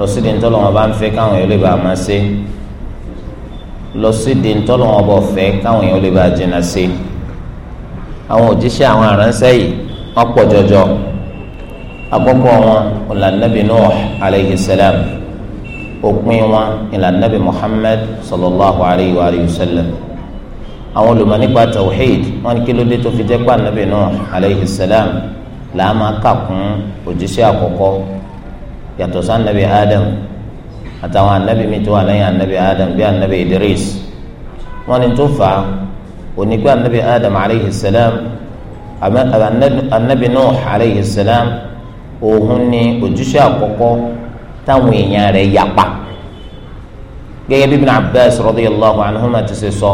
lọ sí di ntọ́lọ́ wọn bá ń fẹ́ káwọn èèyàn lè bá a máa ṣe lọ sí di ntọ́lọ́ wọn bọ̀ fẹ́ káwọn èèyàn lè bá a jìnnà ṣe àwọn òjíṣẹ́ àwọn aránṣẹ́ yìí wọ́n pọ̀ jọjọ àkọ́kọ́ wọn ọ̀làǹdàbí Nuh alayhi salam òpin wọn ìlànàbí Muhammad sallallahu alayhi wa sallam àwọn olùmọ̀ nípa tawhid wọn kí ló dé tó fi jẹ́ pàǹdàbí Nuh alayhi salam làá máa kà kún òjíṣẹ́ àkọ́kọ́ yàtọ̀ sí anabi adam àtàwọn anabi mi tó wà lẹ́yìn anabi adam bí anabi idris wọn ni tó fà á òní pé anabi adam aleyhi salam anabi nuh aleyhi salam òun ni ojúṣe àkọ́kọ́ táwọn èèyàn rẹ̀ yapa gẹ́gẹ́ bí ibn abbas radiyallahu anhuma ti ṣe sọ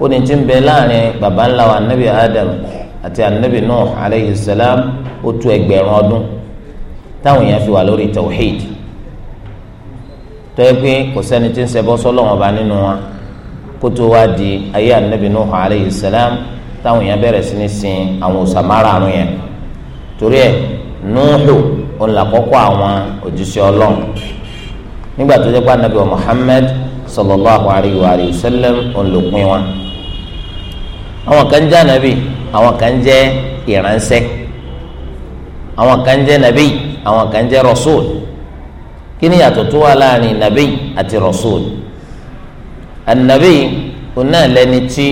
ó ní tí ń bẹ láàrin baba anabi adam àti anabi nuh aleyhi salam ó tu ẹgbẹ̀rún ọdún táwọn èèyàn fi wà lórí tawhid tọ́yẹ pé kò sẹ́ni tí ń ṣẹbọ sọ́lọ́run ọba nínú wa kó tó wá di ayé anabi nuhu alayhi salam táwọn èèyàn bẹ̀rẹ̀ sí ní sin àwọn òsàmárà àrùn yẹn torí ẹ̀ nuhu òun àwọn òjíṣẹ́ ọlọ́run nígbà tó jẹ́ anabi wa muhammad sallallahu alayhi wa sallam òun ló pin wa àwọn kan jẹ́ anabi àwọn kan jẹ́ ìránṣẹ́ àwọn kan jẹ́ nabi àwọn kan jẹ́ rasul kí ni yàtọ̀ tó wà láàrin nàbí àti rasul ànàbí òun náà lẹni tí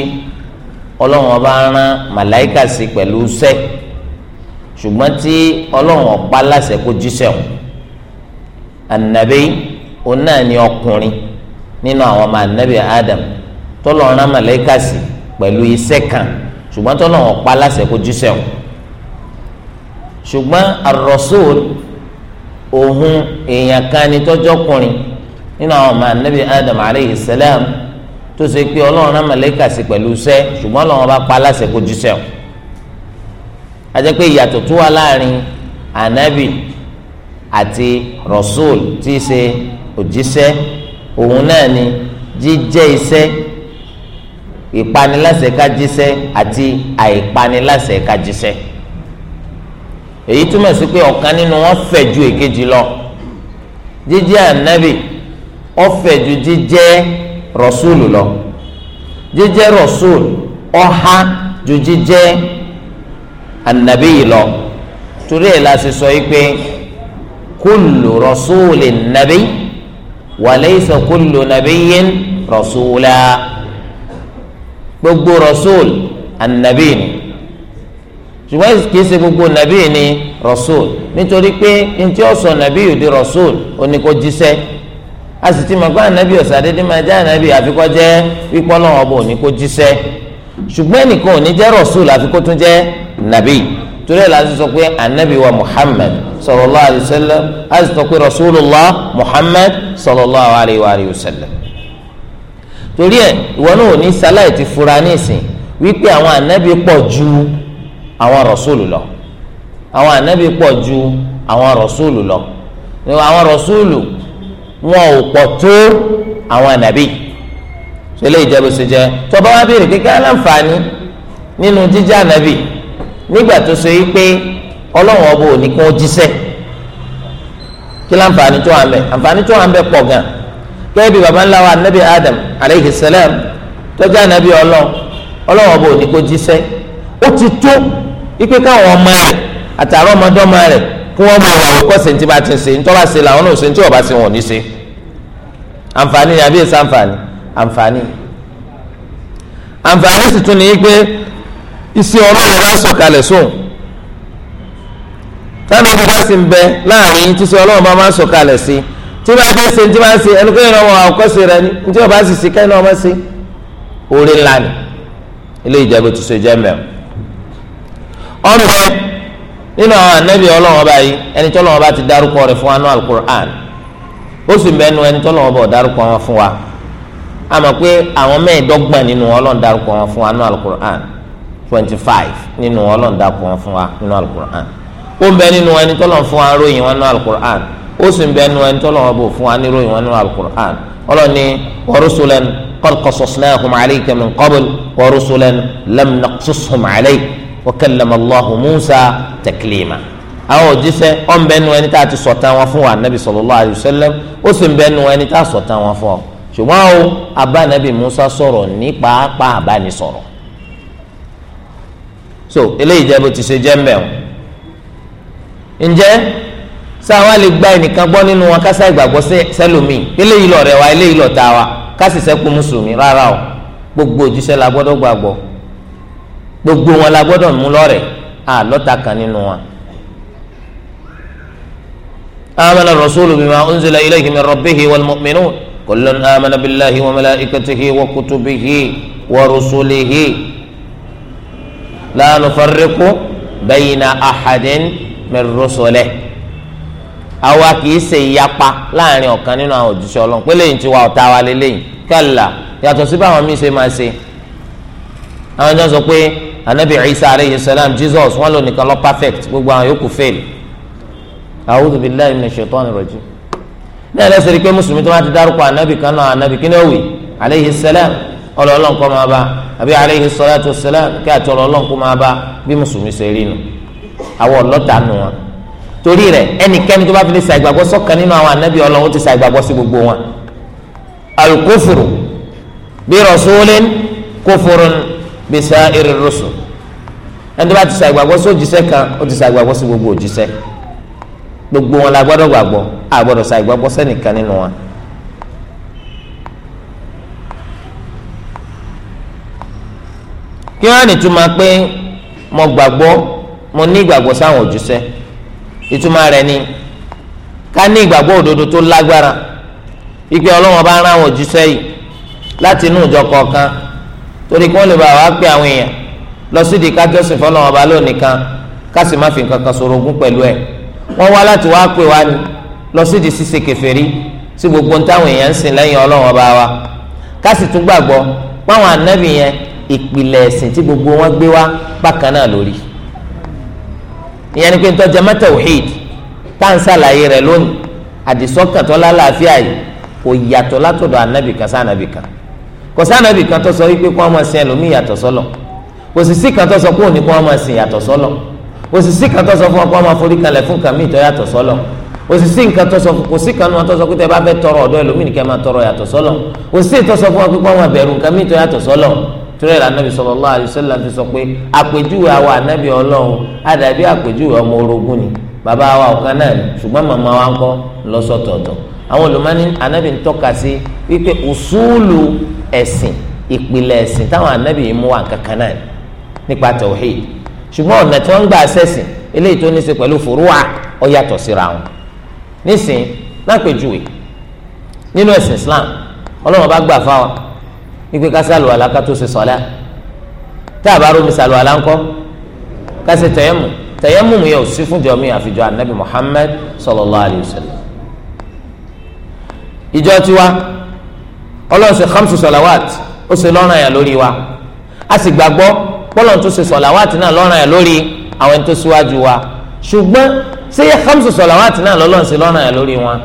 ọlọ́run ọba rán màláìkà sí pẹ̀lú sẹ́ ṣùgbọ́n tí ọlọ́run ò pa láṣẹ kó jíṣẹ́ o ànàbí òun náà ni ọkùnrin nínú àwọn ọmọ ànàbí Adam tọ́lọ́run rán màláìkà sí pẹ̀lú iṣẹ́ kan ṣùgbọ́n tọ́lọ́run ò láṣẹ kó jíṣẹ́ o ṣùgbọ́n ar òhun èèyàn kan ni tọ́jọ́kùnrin nínú àwọn ọmọ anabi adam aleyhi salam tó ṣe pé ọlọ́run náà mọ̀lẹ́kà sí pẹ̀lú iṣẹ́ ṣùgbọ́n ọlọ́run bá pa aláṣẹ kó jíṣẹ́ o àti pé ìyàtọ̀ tó wà láàrin anabi àti rasul tí í ṣe òjíṣẹ́ òun náà ni jíjẹ́ iṣẹ́ ìpaniláṣẹ ká jíṣẹ́ àti àìpaniláṣẹ ká jíṣẹ́ èyí túmọ̀ sí pé ọ̀kan nínú wọn fẹ̀ ju èkejì lọ jíjẹ́ ànábì ó fẹ̀ ju jíjẹ́ rọ̀súùlù lọ jíjẹ́ rọ̀súùlù ó há ju jíjẹ́ ànábì yìí lọ torí ẹ̀ la ṣe sọ yìí pé kullu rọ̀súùlin nàbí wa laysa kullu nabiyyin rọ̀súùlà gbogbo rọ̀súùlù ànábì ni ṣùgbọ́n kì í ṣe gbogbo nàbí ni rasul nítorí pé ntí ó sọ nàbí yìí di rasul oníkó jíṣẹ́ a sì ti mọ̀ pé ànábì ọ̀sà dédé máa jẹ́ ànábì àfikọ́ jẹ́ pípọ́ lọ́wọ́ ọba oníkó jíṣẹ́ ṣùgbọ́n ẹnìkan ò ní jẹ́ rasul àfikọ́ tún jẹ́ nàbí torí ẹ̀ láti sọ pé ànábì wa muhammad sallallahu alayhi wa sallam a sì sọ pé rasulullah muhammad sallallahu alayhi wa sallam torí ẹ̀ ìwọ náà ò ní sáláì ti fura àwọn rọ̀súùlù lọ àwọn ànábì pọ̀ ju àwọn rọ̀súùlù lọ àwọn rọ̀súùlù wọn ò pọ̀ tó àwọn ànábì ṣẹlẹ̀ ìjẹ́bùsọ̀jẹ́ tọba wa béèrè kíkẹ́ aláǹfààní nínú jíjẹ́ ànábì nígbà tó so yìí pé ọlọ́run ọba ò ní kí wọ́n jíṣẹ́ kí láǹfààní tó wà ń bẹ àǹfààní tó wà ń bẹ pọ̀ gan gẹ́gẹ́ bí baba ńlá wa anabi adam aleyhi salam tọ́jú ànábì ọlọ́run ọlọ́run ọba ò ní kó jíṣẹ́ ó ti tó ipe káwọn ọmọ rẹ̀ àtàrà ọmọdé ọmọ rẹ̀ kí wọ́n mọ ìwà òkọ́sẹ̀ ní ti bá ti ń ṣe ní tọ́ba ṣe làwọn náà ṣe ní tí ọba ṣe wọ́n ní ṣe àǹfààní ni àbí èso àǹfààní àǹfààní àǹfààní sì tún ní pé iṣẹ́ ọlọ́run bá sọ̀kalẹ̀ sóun táwọn ibi bá sì ń bẹ láàrin tí iṣẹ́ ọlọ́run bá máa sọ̀kalẹ̀ sí tí bá dé ṣe tí bá ṣe ẹni pé ìrànwọ́ àwòkọ́sẹ̀ rẹ ni ní tí ọba sì ṣe kẹ́ ọmọ ṣe oore ńlá ni ilé ìjẹ́bù tó ṣe mẹ́rin ọ̀nbẹ nínú àwọn anabi ọlọ́run ọba yìí ẹni tí ọlọ́run ọba ti dárúkọ rẹ̀ fún wa ní alukur'an ó sì mẹ́nu ẹni tí ọlọ́run ọba ò dárúkọ wọn fún wa a mọ̀ pé àwọn mẹ́ẹ̀ẹ́dọ́gbọ̀n nínú ọlọ́run dárúkọ wọn fún wa ní alukur'an twenty five nínú ọlọ́run dárúkọ wọn fún wa nínú alukur'an ó ń bẹ nínú ẹni tí ọlọ́run fún wa ròyìn wọn ní alukur'an ó sì ń ẹni tí ọlọ́run ọba ò fún wa ní ròyìn wọn ní alukur'an ọlọ́ni wa rusulan qad qasasnahum wa kallama Allahu Musa taklima àwọn òjíṣẹ́ ọ̀ ń bẹ nu ẹni tá a ti sọ̀tàn wọn fún wa anabi sallallahu alayhi wa sallam ó sì ń bẹ nu ẹni tá a sọ̀tàn wọn fún ọ ṣùgbọ́n o abánabi Musa sọ̀rọ̀ ní pàápàá abánisọ̀rọ̀ so eléyìí jẹ́ bó ti ṣe jẹ́ ń bẹ̀ o ǹjẹ́ sáwọn lè gba ẹnìkan gbọ́ nínú wọn kásá ìgbàgbọ́ sẹ́lómi eléyìí lọ̀rẹ́ wa eléyìí lọ̀tá wa kásìsẹ́kù mùsùlùmí rárá o gbogbo òjíṣẹ́ la gbọ́dọ̀ gbàgbọ́ gbogbo wọn la gbọ́dọ̀ mú lọ́rẹ̀ à lọ́ta kan nínú wọn. آمن الرسول بما أنزل إليه من ربه والمؤمنون كل آمن بالله وملائكته وكتبه ورسله لا نفرق بين أحد من رسله àwa kì í ṣe ìyapa láàrin ọ̀kan nínú àwọn òjíṣẹ́ Ọlọ́run pé lẹ́yìn tí wa ọ̀tá wa lélẹ́yìn kẹ́là yàtọ̀ sí báwọn míín ṣe máa ṣe àwọn ìjọ sọ pé anabi isa aleyhi salam jesus wọn lò nìkan lọ perfect gbogbo àwọn yòókù fail a'udhu billahi minash shaitani rajim náà lẹ́sẹ̀ rí i pé mùsùlùmí tó bá ti dárúkọ anabi kan náà anabi kí ni ó wì aleyhi salam ọlọ́ọ̀lọ́n kọ́ máa bá àbí aleyhi salatu salam kí àti ọlọ́ọ̀lọ́n kọ́ máa bá bí mùsùlùmí ṣe rí nu àwọn ọlọ́ta nù wọn torí rẹ̀ ẹnikẹ́ni tó bá fi lè ṣàìgbàgbọ́ sọ́kàn nínú àwọn anabi ọlọ́run ó ti ṣàìgbàgbọ́ sí gbogbo wọn alukófòrò bí rasulin kófòrò bí sá irin rúṣù ẹni tó bá ti ṣàgbàgbọ́ sí òjíṣẹ́ kan ó ti ṣàgbàgbọ́ sí gbogbo òjíṣẹ́ gbogbo wọn la gbọ́dọ̀ gbàgbọ́ a gbọ́dọ̀ ṣàgbàgbọ́ sẹ́nìkan nínú wọn. kí wọ́n á nìtumọ̀ pé mo gbàgbọ́ mo ní ìgbàgbọ́ sáwọn òjíṣẹ́ ìtumọ̀ rẹ̀ ni ká ní ìgbàgbọ́ òdodo tó lágbára ìpè Ọlọ́run bá rán àwọn òjíṣẹ́ yìí láti inú ìjọ kọ̀ọ̀kan torí kí wọ́n lè bá wa pé àwọn èèyàn lọ sídìí kájọ́sìn fọlọ́wọn ọba lónìí kan kásì má fi nǹkan kan sọ̀rọ̀ ogún pẹ̀lú ẹ̀ wọ́n wá láti wá pè wá ni lọ sídìí ṣíṣe kèfèrí sí gbogbo táwọn èèyàn ń sìn lẹ́yìn ọlọ́wọn ọba wa kásì tún gbàgbọ́ páwọn ànábì yẹn ìpìlẹ̀ ẹ̀sìn tí gbogbo wọn gbé wá bákan náà lórí ìyẹn ni pé ń tọ́jà mẹ́tẹ̀ wíìd tá à ń ṣàlàyé rẹ̀ lónìí àdìsọ́kàn tó lálàáfíà yìí kò yàtọ̀ látọ̀dọ̀ ànábì kan sáà ànábì kan kò sí ànábì kan tó sọ wípé kó wọn máa sin ẹlòmíì yàtọ̀ sọ́lọ̀ kò sì sí kan tó sọ kó òní kó wọn máa sin yàtọ̀ sọ́lọ̀ kò sì sí kan tó sọ fún wọn kó wọn máa forí kalẹ̀ fún kàmí ìtọ́ yàtọ̀ sọ́lọ̀ kò sì sí kan tó sọ kò sí kan tó sọ pé tẹ bá fẹ́ tọrọ ọ̀dọ̀ ẹlòmíì nìkẹ́ máa tọrọ yàtọ̀ sọ́lọ̀ kò sí tó sọ fún wọn pé kó wọn máa bẹ̀rù kàmí ìtọ́ yàtọ̀ sọ́lọ̀ torí ànábì sallallahu alaihi àwọn olùmọ́ni ànábì ń tọ́ka sí wípé usulu ẹ̀sìn ìpìlẹ̀ ẹ̀sìn táwọn anábì yìí mú wà kankan náà nípa tawhid ṣùgbọ́n ọ̀nà tí wọ́n ń gbà sẹ́sìn eléyìí tó ní í ṣe pẹ̀lú fòrúwà ó yàtọ̀ síra wọn nísìn lápèjúwe nínú ẹ̀sìn Islam Ọlọ́run bá gbà fáwọn ipe ká sálù àlàkà tó ṣe sọ́lá tá a bá rómi sálù àlàńkọ́ ká ṣe tẹ̀yẹ́mù tẹ̀yẹ́mù yẹn ò sí fún jọmí àfijọ anabi Muhammad sallallahu alayhi wa sallam ìjọ tiwa ọlọ́run ṣe hamsu sọ̀làwàt ó ṣe lọ́ràn yà lórí wa a sì gbàgbọ́ pọ́lọ́n tó ṣe sọ̀làwàt náà lọ́ràn yà lórí àwọn tó ṣíwájú wa ṣùgbọ́n ṣé hamsu sọ̀làwàt náà lọ́lọ́run ṣe lọ́ràn yà lórí wọn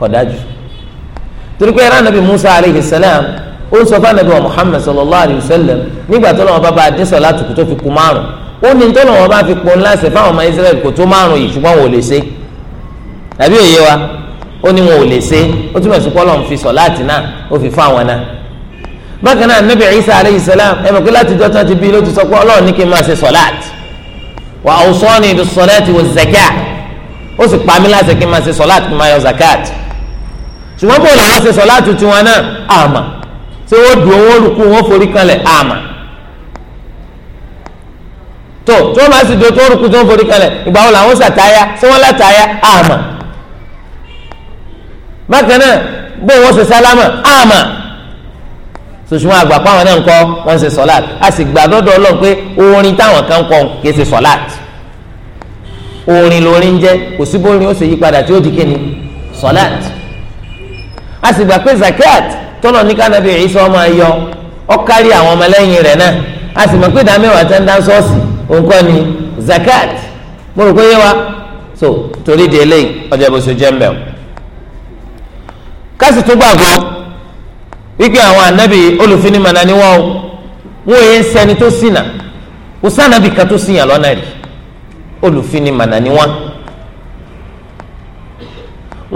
kò dájú. torí pé ẹran nàbì musa aleyhi salam ó sọ fún anabi wa muhammed sallallahu alayhi wa sallam nígbà tó lọ́wọ́ bá bá dín sọ̀làtù kó tó fi kú márùn ó ní tó lọ́wọ́ bá fi pọ́n láṣẹ fáwọn ọmọ ó ní wọn ò lè ṣe ó túmọ̀ sí fi sọ láti náà ó fi fún àwọn náà bákan náà isa aleyhi salam ẹ mọ̀ pé láti ti bí ló ti sọ pé ọlọ́run ní kí n máa ṣe sọ̀láàtì wà á sọ ní ibi sọ̀láàtì wò zakat ó sì pa mí láti kí n máa ṣe kí n zakat ṣùgbọ́n bó làwọn ṣe náà àmà ṣé wọ́n dùn owó forí àmà tó tí wọ́n dùn bákan náà bó wọn ṣe sálámà àmà sòṣùwọn àgbà pàwọn náà ń kọ wọn ṣe sọláàt a sì gbà lọ́dọ̀ Ọlọ́run pé orin táwọn kan kọ kì í ṣe sọláàt orin lórin jẹ kò sí bórin ó ṣe yí tí ó di kíni sọláàt a sì gbà pé zakat tọ́nà ní kánábì Ìsá ọmọ ayọ ó àwọn ọmọlẹ́yìn rẹ̀ náà a sì mọ̀ pé ìdá mẹ́wàá tẹ́ ń dá sọ́ọ̀sì òǹkọ́ ni zakat mo rò pé yé wa so torí de eléyìí ọjọ́ ìbùsùn jẹ́ mbẹ́wò kásì tún gbàgbọ́ wípé àwọn ànábì olùfinimọ̀nà ni wọ́n wọ́n yẹn sẹ́ni tó ṣìnà kò sànàbì kan tó ṣìyàn lọ́nà rí olùfinimọ̀nà ni wọ́n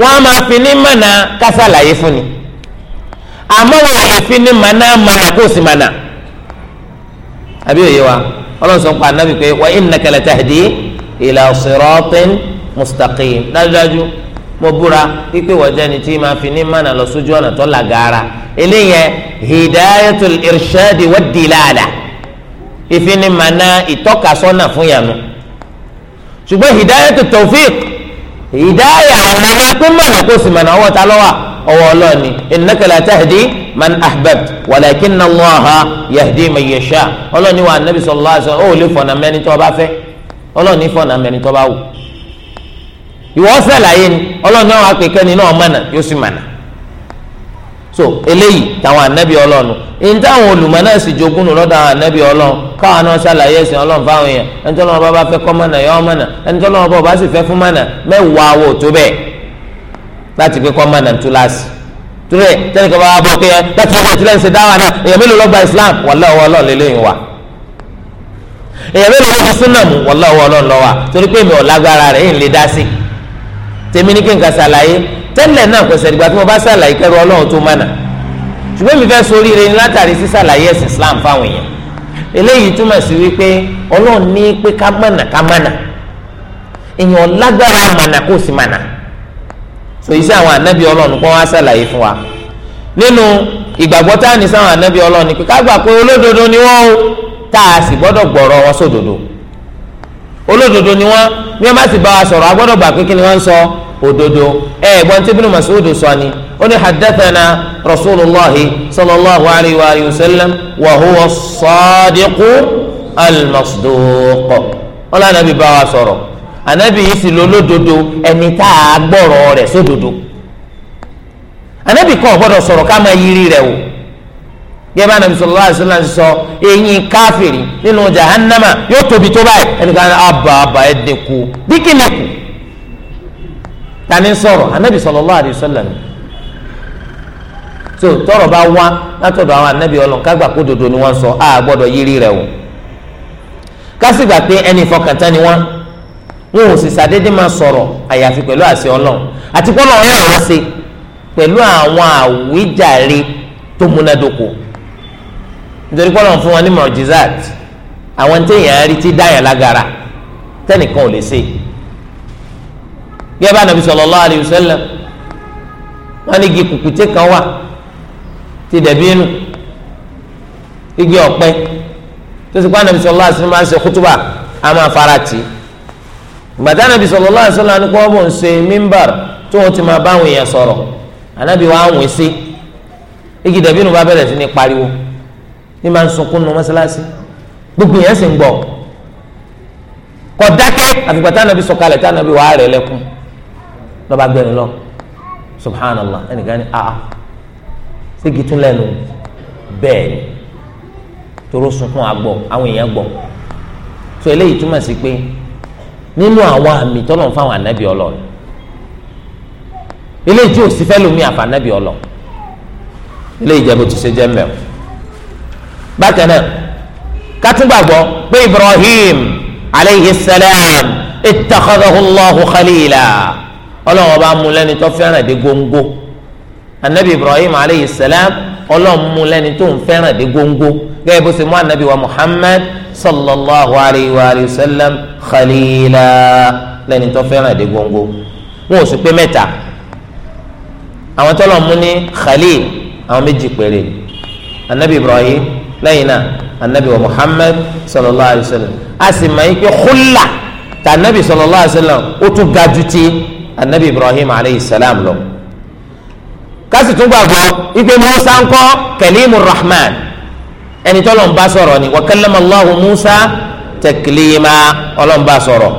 wọ́n á máa fi ní fún ni àmọ́ wọn àyè fi ní kó sì mọ̀nà àbí òye wa ọlọ́run sọ pé ànábì pé wa innaka latahdi ila siratin mustaqim dájúdájú mo búra wípé wọ́jẹ́ ni tí máa fi ní mànà lọ sójú ọ̀nà tó làgàrà eléyẹn hidayatul irshadi wa dilala ìfinimànà ìtọ́kasọ́nà fún yànnú ṣùgbọ́n hidayatul tawfiq hidaya àmàna pé mànà kó sì mànà ọwọ́ ta lọ́wọ́ ọwọ́ ọlọ́ọ̀ni innaka la tahdi man ahbabt walakinna Allaha yahdi man yasha ọlọ́ọ̀ni wa anabi sallallahu alaihi wasallam ó lè fọ̀nà mẹ́ni tó bá fẹ́ ọlọ́ọ̀ni fọ̀nà mẹ́ni tó bá wù ìwọ ṣàlàyé ni ọlọ́run náà wàá pè kẹ́ni náà mọ̀nà yóò sì mọ̀nà so eléyìí táwọn ànábì ọlọ́run ní táwọn olùmọ̀ náà sì jogún nù lọ́dọ̀ àwọn ànábì ọlọ́run káwọn náà ṣàlàyé ẹ̀sìn ọlọ́run fáwọn èèyàn ẹni tó lọ́wọ́ bá fẹ́ kọ́ mọ̀nà yọ mọ̀nà ẹni tó lọ́wọ́ bá bá sì fẹ́ fún mọ̀nà mẹ́wàá wò tó bẹ́ẹ̀ láti pé kọ́ mọ̀nà túláàsì túrẹ̀ tẹ́lẹ̀ mélòó ló gba Islam wàláwọ̀ ọlọ́run lélẹ́yìn wa èèyàn mélòó ló gba súnà mú wàláwọ̀ ọlọ́run lọ́wà torí pé mi ò lágbára rẹ̀ yìí ń lè dá sí i tèmi ní kí n kà ṣàlàyé tẹ́lẹ̀ náà kò sẹ̀dìgbà tí mo bá ṣàlàyé kẹrù ọlọ́run tó mánà ṣùgbọ́n mi fẹ́ sórí rẹ ni látàrí sí ṣàlàyé ẹ̀sìn Islam fáwọn èèyàn eléyìí túmọ̀ sí wípé ọlọ́run ní pé ká mánà ká mánà èèyàn lágbára mánà kó sì mánà so iṣẹ́ àwọn ànábì ọlọ́run kọ́ wá ṣàlàyé fún wa nínú ìgbàgbọ́ tá à ní sáwọn ànábì ọlọ́run ni pé ká gbà pé olódodo ni wọ́n o tá a sì gbọ́dọ̀ gbọ́rọ̀ wọn sódodo. So olódodo ni wọn bí wọn bá sì bá wa sọ̀rọ̀ a gbọ́dọ̀ gbà pé kí ni wọn sọ òdodo ẹ ẹ̀gbọ́n tí Ibn Mas'ud sọ ni ó ní hadathana rasulillahi sallallahu alayhi wa sallam wa huwa sadiqu al-masduq wọn lànà bí bá wa sọ̀rọ̀ anabi yìí sì lólódodo ẹni tá a gbọ́rọ̀ rẹ̀ sódodo anabi kan ò gbọ́dọ̀ sọ̀rọ̀ ká máa yiri rẹ̀ wò gẹ́gẹ́ anabi sallallahu alaihi wasallam sọ eyín káfìrí nínú jahannama yóò tóbi tó báyìí ẹnìkan ní abba abba ẹ̀ dínkù dínkìnnì kù tani sọ̀rọ̀ anabi sallallahu alaihi wasallam so tọrọ bá wá látọ̀dọ̀ àwọn anabi Ọlọ́run kágbà kó dodo ni wọ́n sọ a gbọ́dọ̀ yírí rẹ̀ o kásìgbà pé ẹni ìfọkàntán ni wọ́n wọn ò sì sàdédé máa sọ̀rọ̀ àyàfi pẹ̀lú àṣẹ Ọlọ́run àti pé Ọlọ́run yóò rán sí pẹ̀lú àwọn àwíjàre tó múnádóko. nítorí pọ́lọ́n fún wọn ní mọ̀jísàt àwọn téèyàn rí ti dáyàn lágara tẹ́nìkan ò lè ṣe gẹ́gẹ́ bá nàbí sallallahu alayhi wa wọ́n ní igi kùkùté kan wà ti dẹ̀bí inú igi ọ̀pẹ tó ti pa nàbí sallallahu alayhi wa sallam ṣe kútúbà á máa fara tì í gbàtà nàbí sallallahu alayhi wa sallam ní kó ń ṣe mímbàr tó ti máa bá èèyàn sọ̀rọ̀ wa igi ní máa ń sunkún nu mọ́sálásí gbogbo yẹn sì ń gbọ́ kọ dákẹ́ àfìgbà táwọn nàbí sọ̀kalẹ̀ táwọn nàbí wàá rẹ̀ lẹ́kùn lọ́ba gbẹ̀rún lọ subhanallah ẹnìkan ní a ah, ségi ah. tún lẹ́nu bẹ́ẹ̀ ni toró sunkún agbọ̀ àwọn èèyàn gbọ́ tó eléyìí túmọ̀ sí pé nínú àwọn àmì tọ́lọ̀ ń fáwọn ànábì ọlọ́run eléyìí tí ò sí fẹ́ lómi àfànábì ọlọ́run eléyìí jẹ́ bó ti ṣe jẹ́ mẹ́rin bákan náà kátúgbàgbọ́ pé Ibrahim aleyhi salam ittakhadahu Allahu khalila ọlọ́run ọba mú lẹ́ni tó fẹ́ràn dé góńgó anabi Ibrahim aleyhi salam ọlọ́run mú lẹ́ni tó ń fẹ́ràn dé góńgó gẹ́gẹ́ bó ṣe mú anabi wa Muhammad sallallahu alayhi wa sallam khalila lẹ́ni tó fẹ́ràn dé góńgó wọn ò sì pé mẹ́ta àwọn tọ́lọ̀ mú ní khalil àwọn méjì péré anabi Ibrahim lẹ́yìn náà anabi wa muhammed sallallahu alayhi wa sallam a sì máa yí pé khulla ta anabi sallallahu alayhi wa sallam ó tún ga ju ti anabi ibrahim alayhi salam lọ. kásì tún gbàgbọ́ ipe musa ń kọ́ kẹlíìmù rahman ẹni tó lọ́n bá sọ̀rọ̀ ni wa kallama allahu musa taklima ọlọ́n bá sọ̀rọ̀.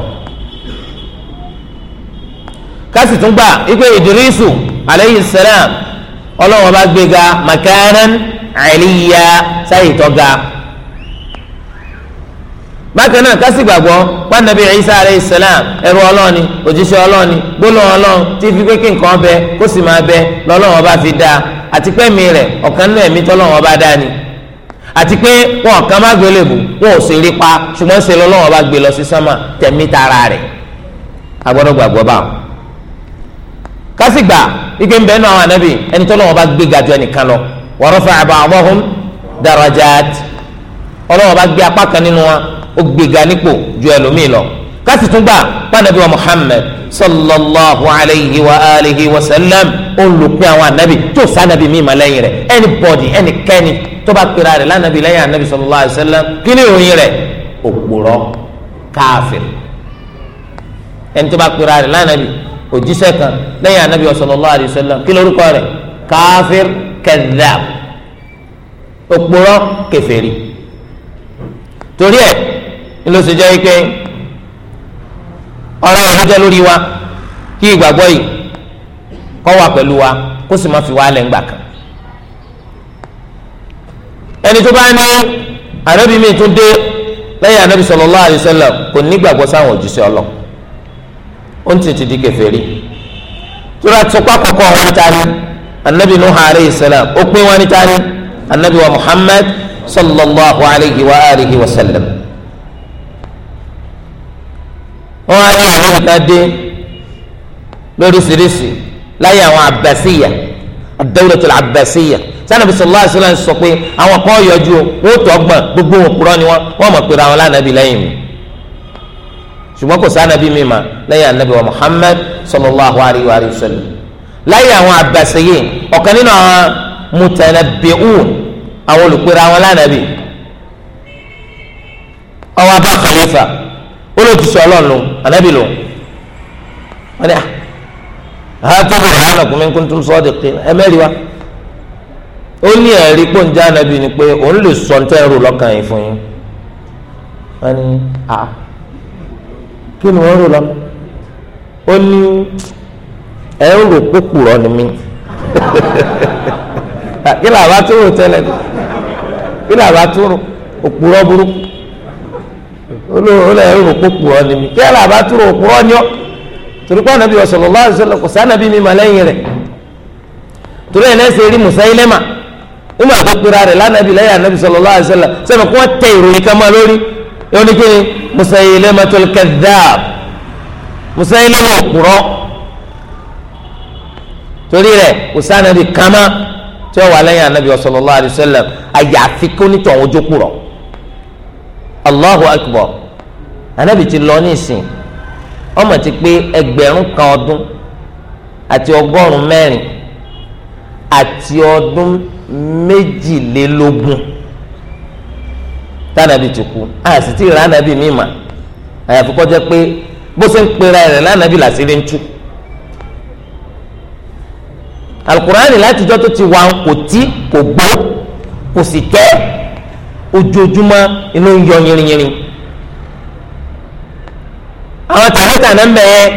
kásì tún gbà ipe idrisu alayhi salam ọlọ́wọ́n bá gbéga makanan. àìlíyà sáyè tọ́ga bákan náà kásì gbàgbọ́ pàǹdàbí Isa alayhi salam ẹrú ọlọ́ọ̀ni òjíṣẹ́ ọlọ́ọ̀ni gbólóhùn ọlọ́ọ̀n tí fi pé kí nǹkan bẹ kó sì máa bẹ lọ́lọ́wọ́n bá fi dáa àti pé mi rẹ̀ ọ̀kan nínú ẹ̀mí tọ́lọ́wọ́n bá dáa ni àti pé wọn má lọ sí sánmà tẹ̀mí tara rẹ̀ agbọ́dọ̀ wa rafa'a ba'dahum darajat ọlọ́wọ́ bá gbé apá kan nínú wọn ó gbéga nípò ju ẹlòmíì lọ kásì tún gbà pàdánù wa Muhammad sallallahu alayhi wa alihi wa sallam olùpẹ́ àwọn anabi tó sànàbí mi mà lẹ́yìn rẹ̀ anybody ẹnikẹ́ni tó bá pera rẹ̀ lánàbí lẹ́yìn anabi sallallahu alayhi wa sallam kí ni ìròyìn rẹ̀ òpùrọ̀ káfíìn ẹni tó bá pera rẹ̀ lánàbí òjíṣẹ́ kan lẹ́yìn anabi sallallahu alayhi wa sallam kí lórúkọ rẹ̀ káfíìn kadhab òpòrọ kèfèrí torí ẹ ńlọsọ jẹ́ pé ọ̀rọ̀ àwọn jẹ́ lórí wa kí ìgbàgbọ́ yìí kọ́ wà pẹ̀lú wa kó sì má fi wá lẹ́ngbà kan ẹni tó bá ní ànábì mi tó dé lẹ́yìn ànábì sallallahu alaihi wasallam kò nígbàgbọ́ sáwọn òjíṣẹ́ ọlọ́ ó ń tètè di kèfèrí tó rà tó pápákọ̀ ọ̀hún ta ni anabi nuhu alayhi salam ó pín wọn ní tani anabi wa muhammad sallallahu alayhi wa alihi wa sallam. wọn á ní àwọn nǹkan dé lóríṣiríṣi láyé àwọn abasiya adawulatul abasiya sanabi sallallahu alayhi wa sallam sọ pé àwọn kan yọjú wọn ó tọgbọn gbogbo wọn kúrọ ni wọn wọn mọ pé ra wọn lánàbí lẹ́yìn mi ṣùgbọ́n kò sànàbí mi mà lẹ́yìn anabi wa muhammad sallallahu alayhi wa sallam láyé àwọn abasiye ọ̀kan nínú àwọn mutanabbi'un àwọn olùpẹ̀rẹ̀ àwọn lánàbì ọwọ́ abá kàlífà olóòtútù ọlọ́ọ̀nù ànábì lò wọ́n ní àhàtà ah, burhanakum in kuntum sadiqin ẹ mẹ́rin wa ó ní ẹ̀rí pòǹjà ànábì ni pé òun lè sọ ní tẹ́rù lọ́kàn yìí fún yín wọ́n ní à ah, kí ni wọ́n rò lọ́kàn ó ní ẹ ń rò pé kùrọ̀ ni mí kí làbá tó rò tẹ́lẹ̀ kí làbá tó rò òpùrọ̀ burúkú olóòrò lẹ ń rò pé kùrọ̀ ni mí kí làbá tó rò òpùrọ̀ ni ọ́ torí pé ànábì sallallahu alaihi wasallam kò sànàbí mi mà lẹ́yìn rẹ̀ torí ẹ̀ lẹ́sẹ̀ rí Musailama ọmọ àgbàgbéra rẹ̀ lánàbí lẹ́yìn ànábì sallallahu alaihi wasallam sẹ́mi kí wọ́n tẹ ìròyìn kan lórí ẹ̀ wọ́n kí ni Musailamatul kadhab Musailama òpùrọ̀ torí rẹ̀ kò sí anabi kan mọ́ tí ó wà lẹ́yìn anabi sallallahu alayhi wa sallam àyàfi kó nítọ̀ ọ̀hún jókòó rọ̀ allahu akbar anabi ti lọ ní ìsìn ọmọ ti pé ẹgbẹ̀rún kan ọdún àti ọgọ́rùn-ún mẹ́rin àti ọdún méjìlélógún tánàbì ti kú a ti rà ánàbì mímà àyàfi kọjá pé bó ṣe ń pera rẹ̀ lánàbì làṣírí ń tú alukurani látijọ́ tó ti wà kò tí kò gbó kò sì tẹ́ ojoojúmọ́ inú ń yọ yìnrìnyìnrìn àwọn tààràtà náà ń bẹ̀ yẹn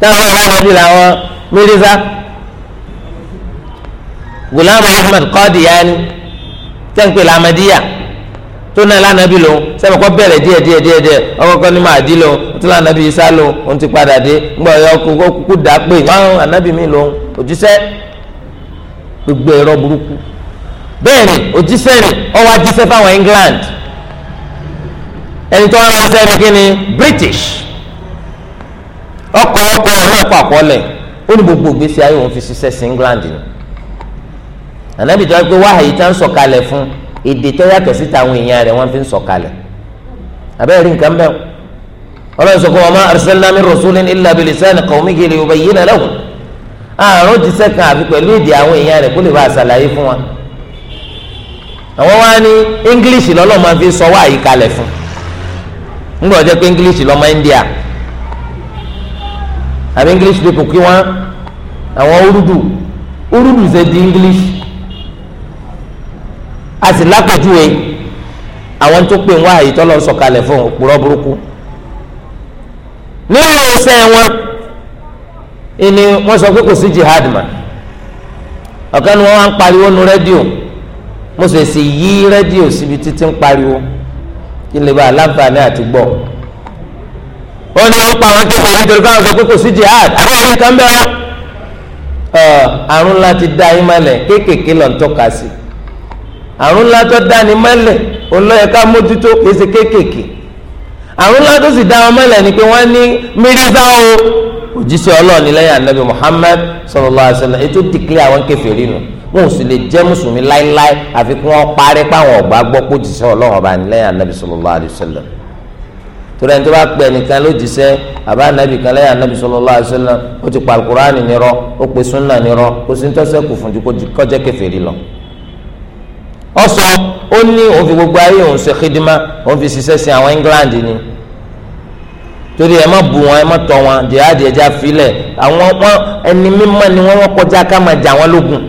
táwọn ọ̀rọ̀ àbí làwọn mírísà gulam ahmed kọ́ọ̀dì yaani tẹ́ǹpẹ̀ làmàdíyà. tó náà lánàbí lòun sẹ́mi kọ́ bẹ̀rẹ̀ díẹ̀ díẹ̀ díẹ̀ díẹ̀ ni máa dí lòun tó lánàbí Ìsá lòun òun ti padà dé ńgbà ọ̀yọ́ kókó kúkú dà pé wọ́n ànábì gbogbo ẹ̀rọ burúkú bẹ́ẹ̀ ni òjíṣẹ́ wá jíṣẹ́ fáwọn England ẹni tó ránṣẹ́ British ọkọ̀ ọkọ̀ ọ̀rẹ́ ẹ̀kọ́ àkọọ́lẹ̀ ó ní gbogbo ayé òun fi ṣiṣẹ́ sí England ni ànábì tó wá pé tá fún èdè tó yàtọ̀ sí tàwọn èèyàn rẹ̀ wọ́n fi ń sọ̀kalẹ̀ abẹ́rẹ́ rí nǹkan bẹ́ẹ̀ ọlọ́run sọ pé wa ma arsalna min rasulin illa bilisani qawmihi liyubayyina lahum àrùn ti sẹ́kàn àfi pẹ̀lú èdè àwọn èèyàn rẹ̀ kó lè bá a ṣàlàyé fún wa àwọn wa ní english lọ́lọ́ máa fi sọ wá àyíkalẹ̀ fún ńgbọ́ jẹ́ pé english lọ́mọ india àbí english people kí wọ́n àwọn urdu urdu ṣe di english a sì lápẹjúwe àwọn tó pè ń wá àyè tọ́lọ́ sọ̀kalẹ̀ fún òpùrọ̀ burúkú nínú ọ̀sẹ̀ wọn ni wọ́n sọ pé kò sí jihad mà ọ̀kan ni wọ́n wá ń pariwo nu rédíò mo sì sì yí rédíò síbi títí ń pariwo kí lè bá aláǹfààní àti gbọ́ wọ́n ní wọ́n pa àwọn tó kọ̀wé nítorí báwọn sọ pé kò sí jihad àwọn ẹ̀ka ń bẹ̀rẹ̀ àrùn láti dá ayé mọ́lẹ̀ kéékèèké lọ́n tọ́ka sí i àrùn ńlá tó dání mọ́lẹ̀ olóyè ká mójútó èsì kéékèèké àrùn ńlá tó sì dá wọn mọ́lẹ̀ ni pé wọ́n ní mírísà o òjíṣẹ́ ọlọ́ọ̀ni lẹ́yìn anabi muhammed sallallahu alaihi wasallam ètò dìklẹ́ àwọn kèfèrí nù wọn ò sì lè jẹ́ mùsùlùmí láéláé àfi kí wọ́n parí páwọn ọ̀gbá gbọ́ pé òjíṣẹ́ ọlọ́run ọba ni lẹ́yìn anabi sallallahu alaihi wasallam torí ẹni tó bá pè nìkan lójíṣẹ́ àbá anabi kan lẹ́yìn anabi sallallahu alaihi ó ti pa alukur'ani nírọ́ ó pe sunna nírọ́ kò sí ní tọ́sẹ̀ kù fún ju kọjá kèfèrí lọ ọsọ ó ní òun fi gbogbo ayé òun ṣe xidima òun fi ṣiṣẹ́ sin àwọn England ni torí ẹ má bù wọn ẹ má tọ wọn jihadi ẹja filẹ àwọn wọn ẹni mímọ́ ni wọn wọn kọjá ká máa jà wọn lógun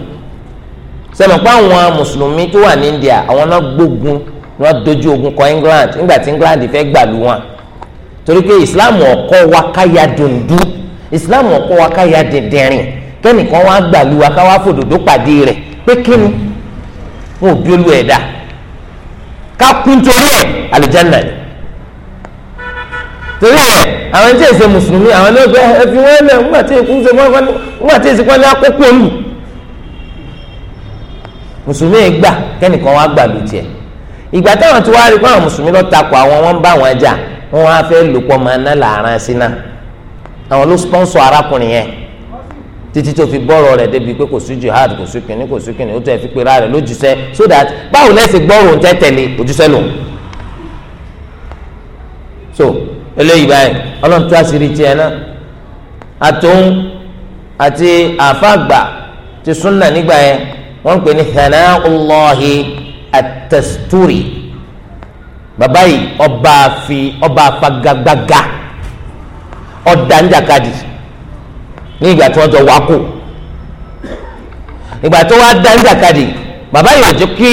sẹmọ pé àwọn mùsùlùmí tó wà ní India àwọn náà gbógun ni wọn dojú ogun kọ England nígbà tí England fẹ́ gbàlú wọn torí pé Islam ọkọ wa káya dundun Islam ọkọ wa káya dẹdẹrin kẹ́nìkan wá gbàlú wa ká fòdòdó pàdé rẹ̀ pé kíni wọn ò bí olú ẹ̀ dá ká kún torí ẹ̀ àlùjánnà ni torí ẹ̀ àwọn tí èsè mùsùlùmí àwọn náà gbé ẹ wọn lẹ ńgbà tí èkú ṣe wọn ńgbà tí èsè wọn ní akókò mùsùlùmí gbà kẹ́nìkan gbà lù tiẹ̀ ìgbà táwọn tí rí fún àwọn mùsùlùmí lọ takò àwọn wọn bá wọn jà wọn títí tó fi bọ́rọ̀ rẹ̀ débi pé kò sí jihad kò sí kìnní kò sí kìnní ó tẹ̀ fi pera rẹ̀ lójúṣẹ́ so that báwo lẹ́sìn gbọ́rọ̀ ń tẹ́tẹ̀lé ojúṣẹ́ lò. so eléyìí báyìí ọlọ́run tó àṣírí tiẹ̀ náà àtòun àti àfàgbà ti súnà nígbà yẹn wọ́n ń pè ní Thanaullahi At-Tasturi bàbá yìí ọba àfi ọba àfagagbága ọ̀dàǹjàkadì. ní ìgbà tí wọ́n jọ wá kù ìgbà tó wá dá níjàkadì bàbá yóò jẹ́ kí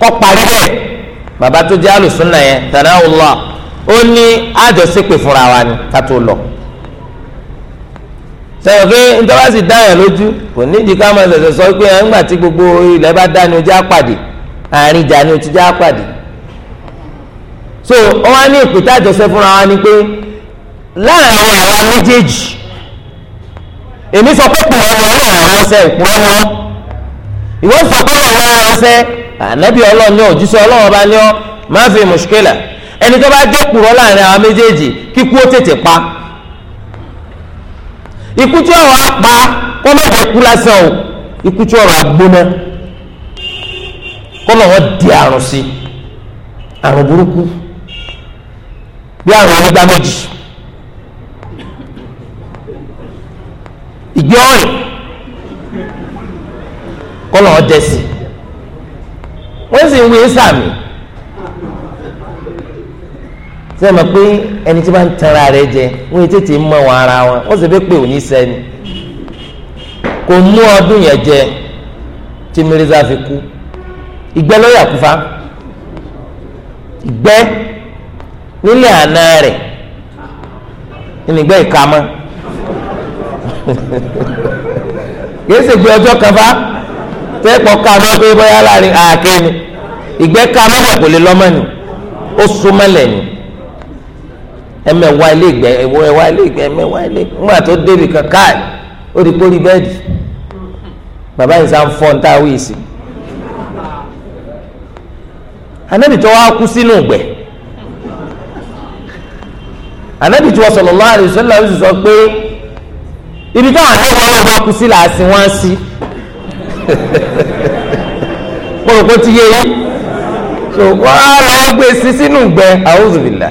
kọ́ parí bẹ́ẹ̀ bàbá tó jẹ́ alùsùnà yẹn tàdáwùlá ó ní fúnra wa ni ká lọ Sọ pé ntọ́wá dá yẹn lójú kò nídìí ká máa sọ pé ẹ̀ńgbà tí gbogbo ilẹ̀ bá dá ni ojú àpàdé àárín ìjà ni so ọ á ní ìpìtà àjọṣe fúnra wa ni pé àwa èmi sọ pé kùrọ̀ ọlọ́run ránṣẹ́ ìkùrọ̀ wọn ìwọ sọ pé ọlọ́run ránṣẹ́ ànábì ọlọ́run ní òjíṣẹ́ ọlọ́run bá ní ọ máa fi mùṣkílà ẹni tó bá jẹ́ kùrọ̀ láàrin àwọn méjèèjì kíkú ó tètè pa ikú tí ọ̀rọ̀ á pa kó má jẹ́ kú lásán o ikú tí ọ̀rọ̀ á gbóná kó lọ́wọ́ di àrùn sí àrùn burúkú bí àrùn onígbà ìgbé ọ̀rìn kọlọ ọ̀jẹ̀ sí wọ́n sì ń wí sàmì ṣe mọ̀ pé ẹni tí wọ́n ń tanra rẹ̀ jẹ wọ́n yìí tètè mọ̀ wọn ara wọn wọ́n sì fẹ́ pé òní sẹ́ni kò mú ọdún yẹn jẹ tí Mirza fi kú ìgbẹ́ àná kìí ṣe gbé ọjọ́ kan bá tẹ́pọ̀ ká mọ́ pé bóyá láàrin àáké ni ìgbẹ́ ká mọ́ kò lè lọ́mọ ni ó súnmọ́lẹ̀ ni ẹmẹ̀wá ilé ìgbẹ́ ẹwà ilé ìgbẹ́ ẹmẹ̀wá ilé ńgbà tó débi kan káàdì ó di pórí bẹ́ẹ̀dì bàbá yìí sáà ń fọ́ níta wíì sí anabi tó wá kú sínú ìgbẹ́ anabi tó wá sallallahu alaihi wasallam ó sì sọ pé ibi táwọn ẹ̀rọ wọn bá kú sí làásì wọn sí kórókó ti yé yín so wọn á lọ gbé sí sínú gbẹ àwùjọbìlà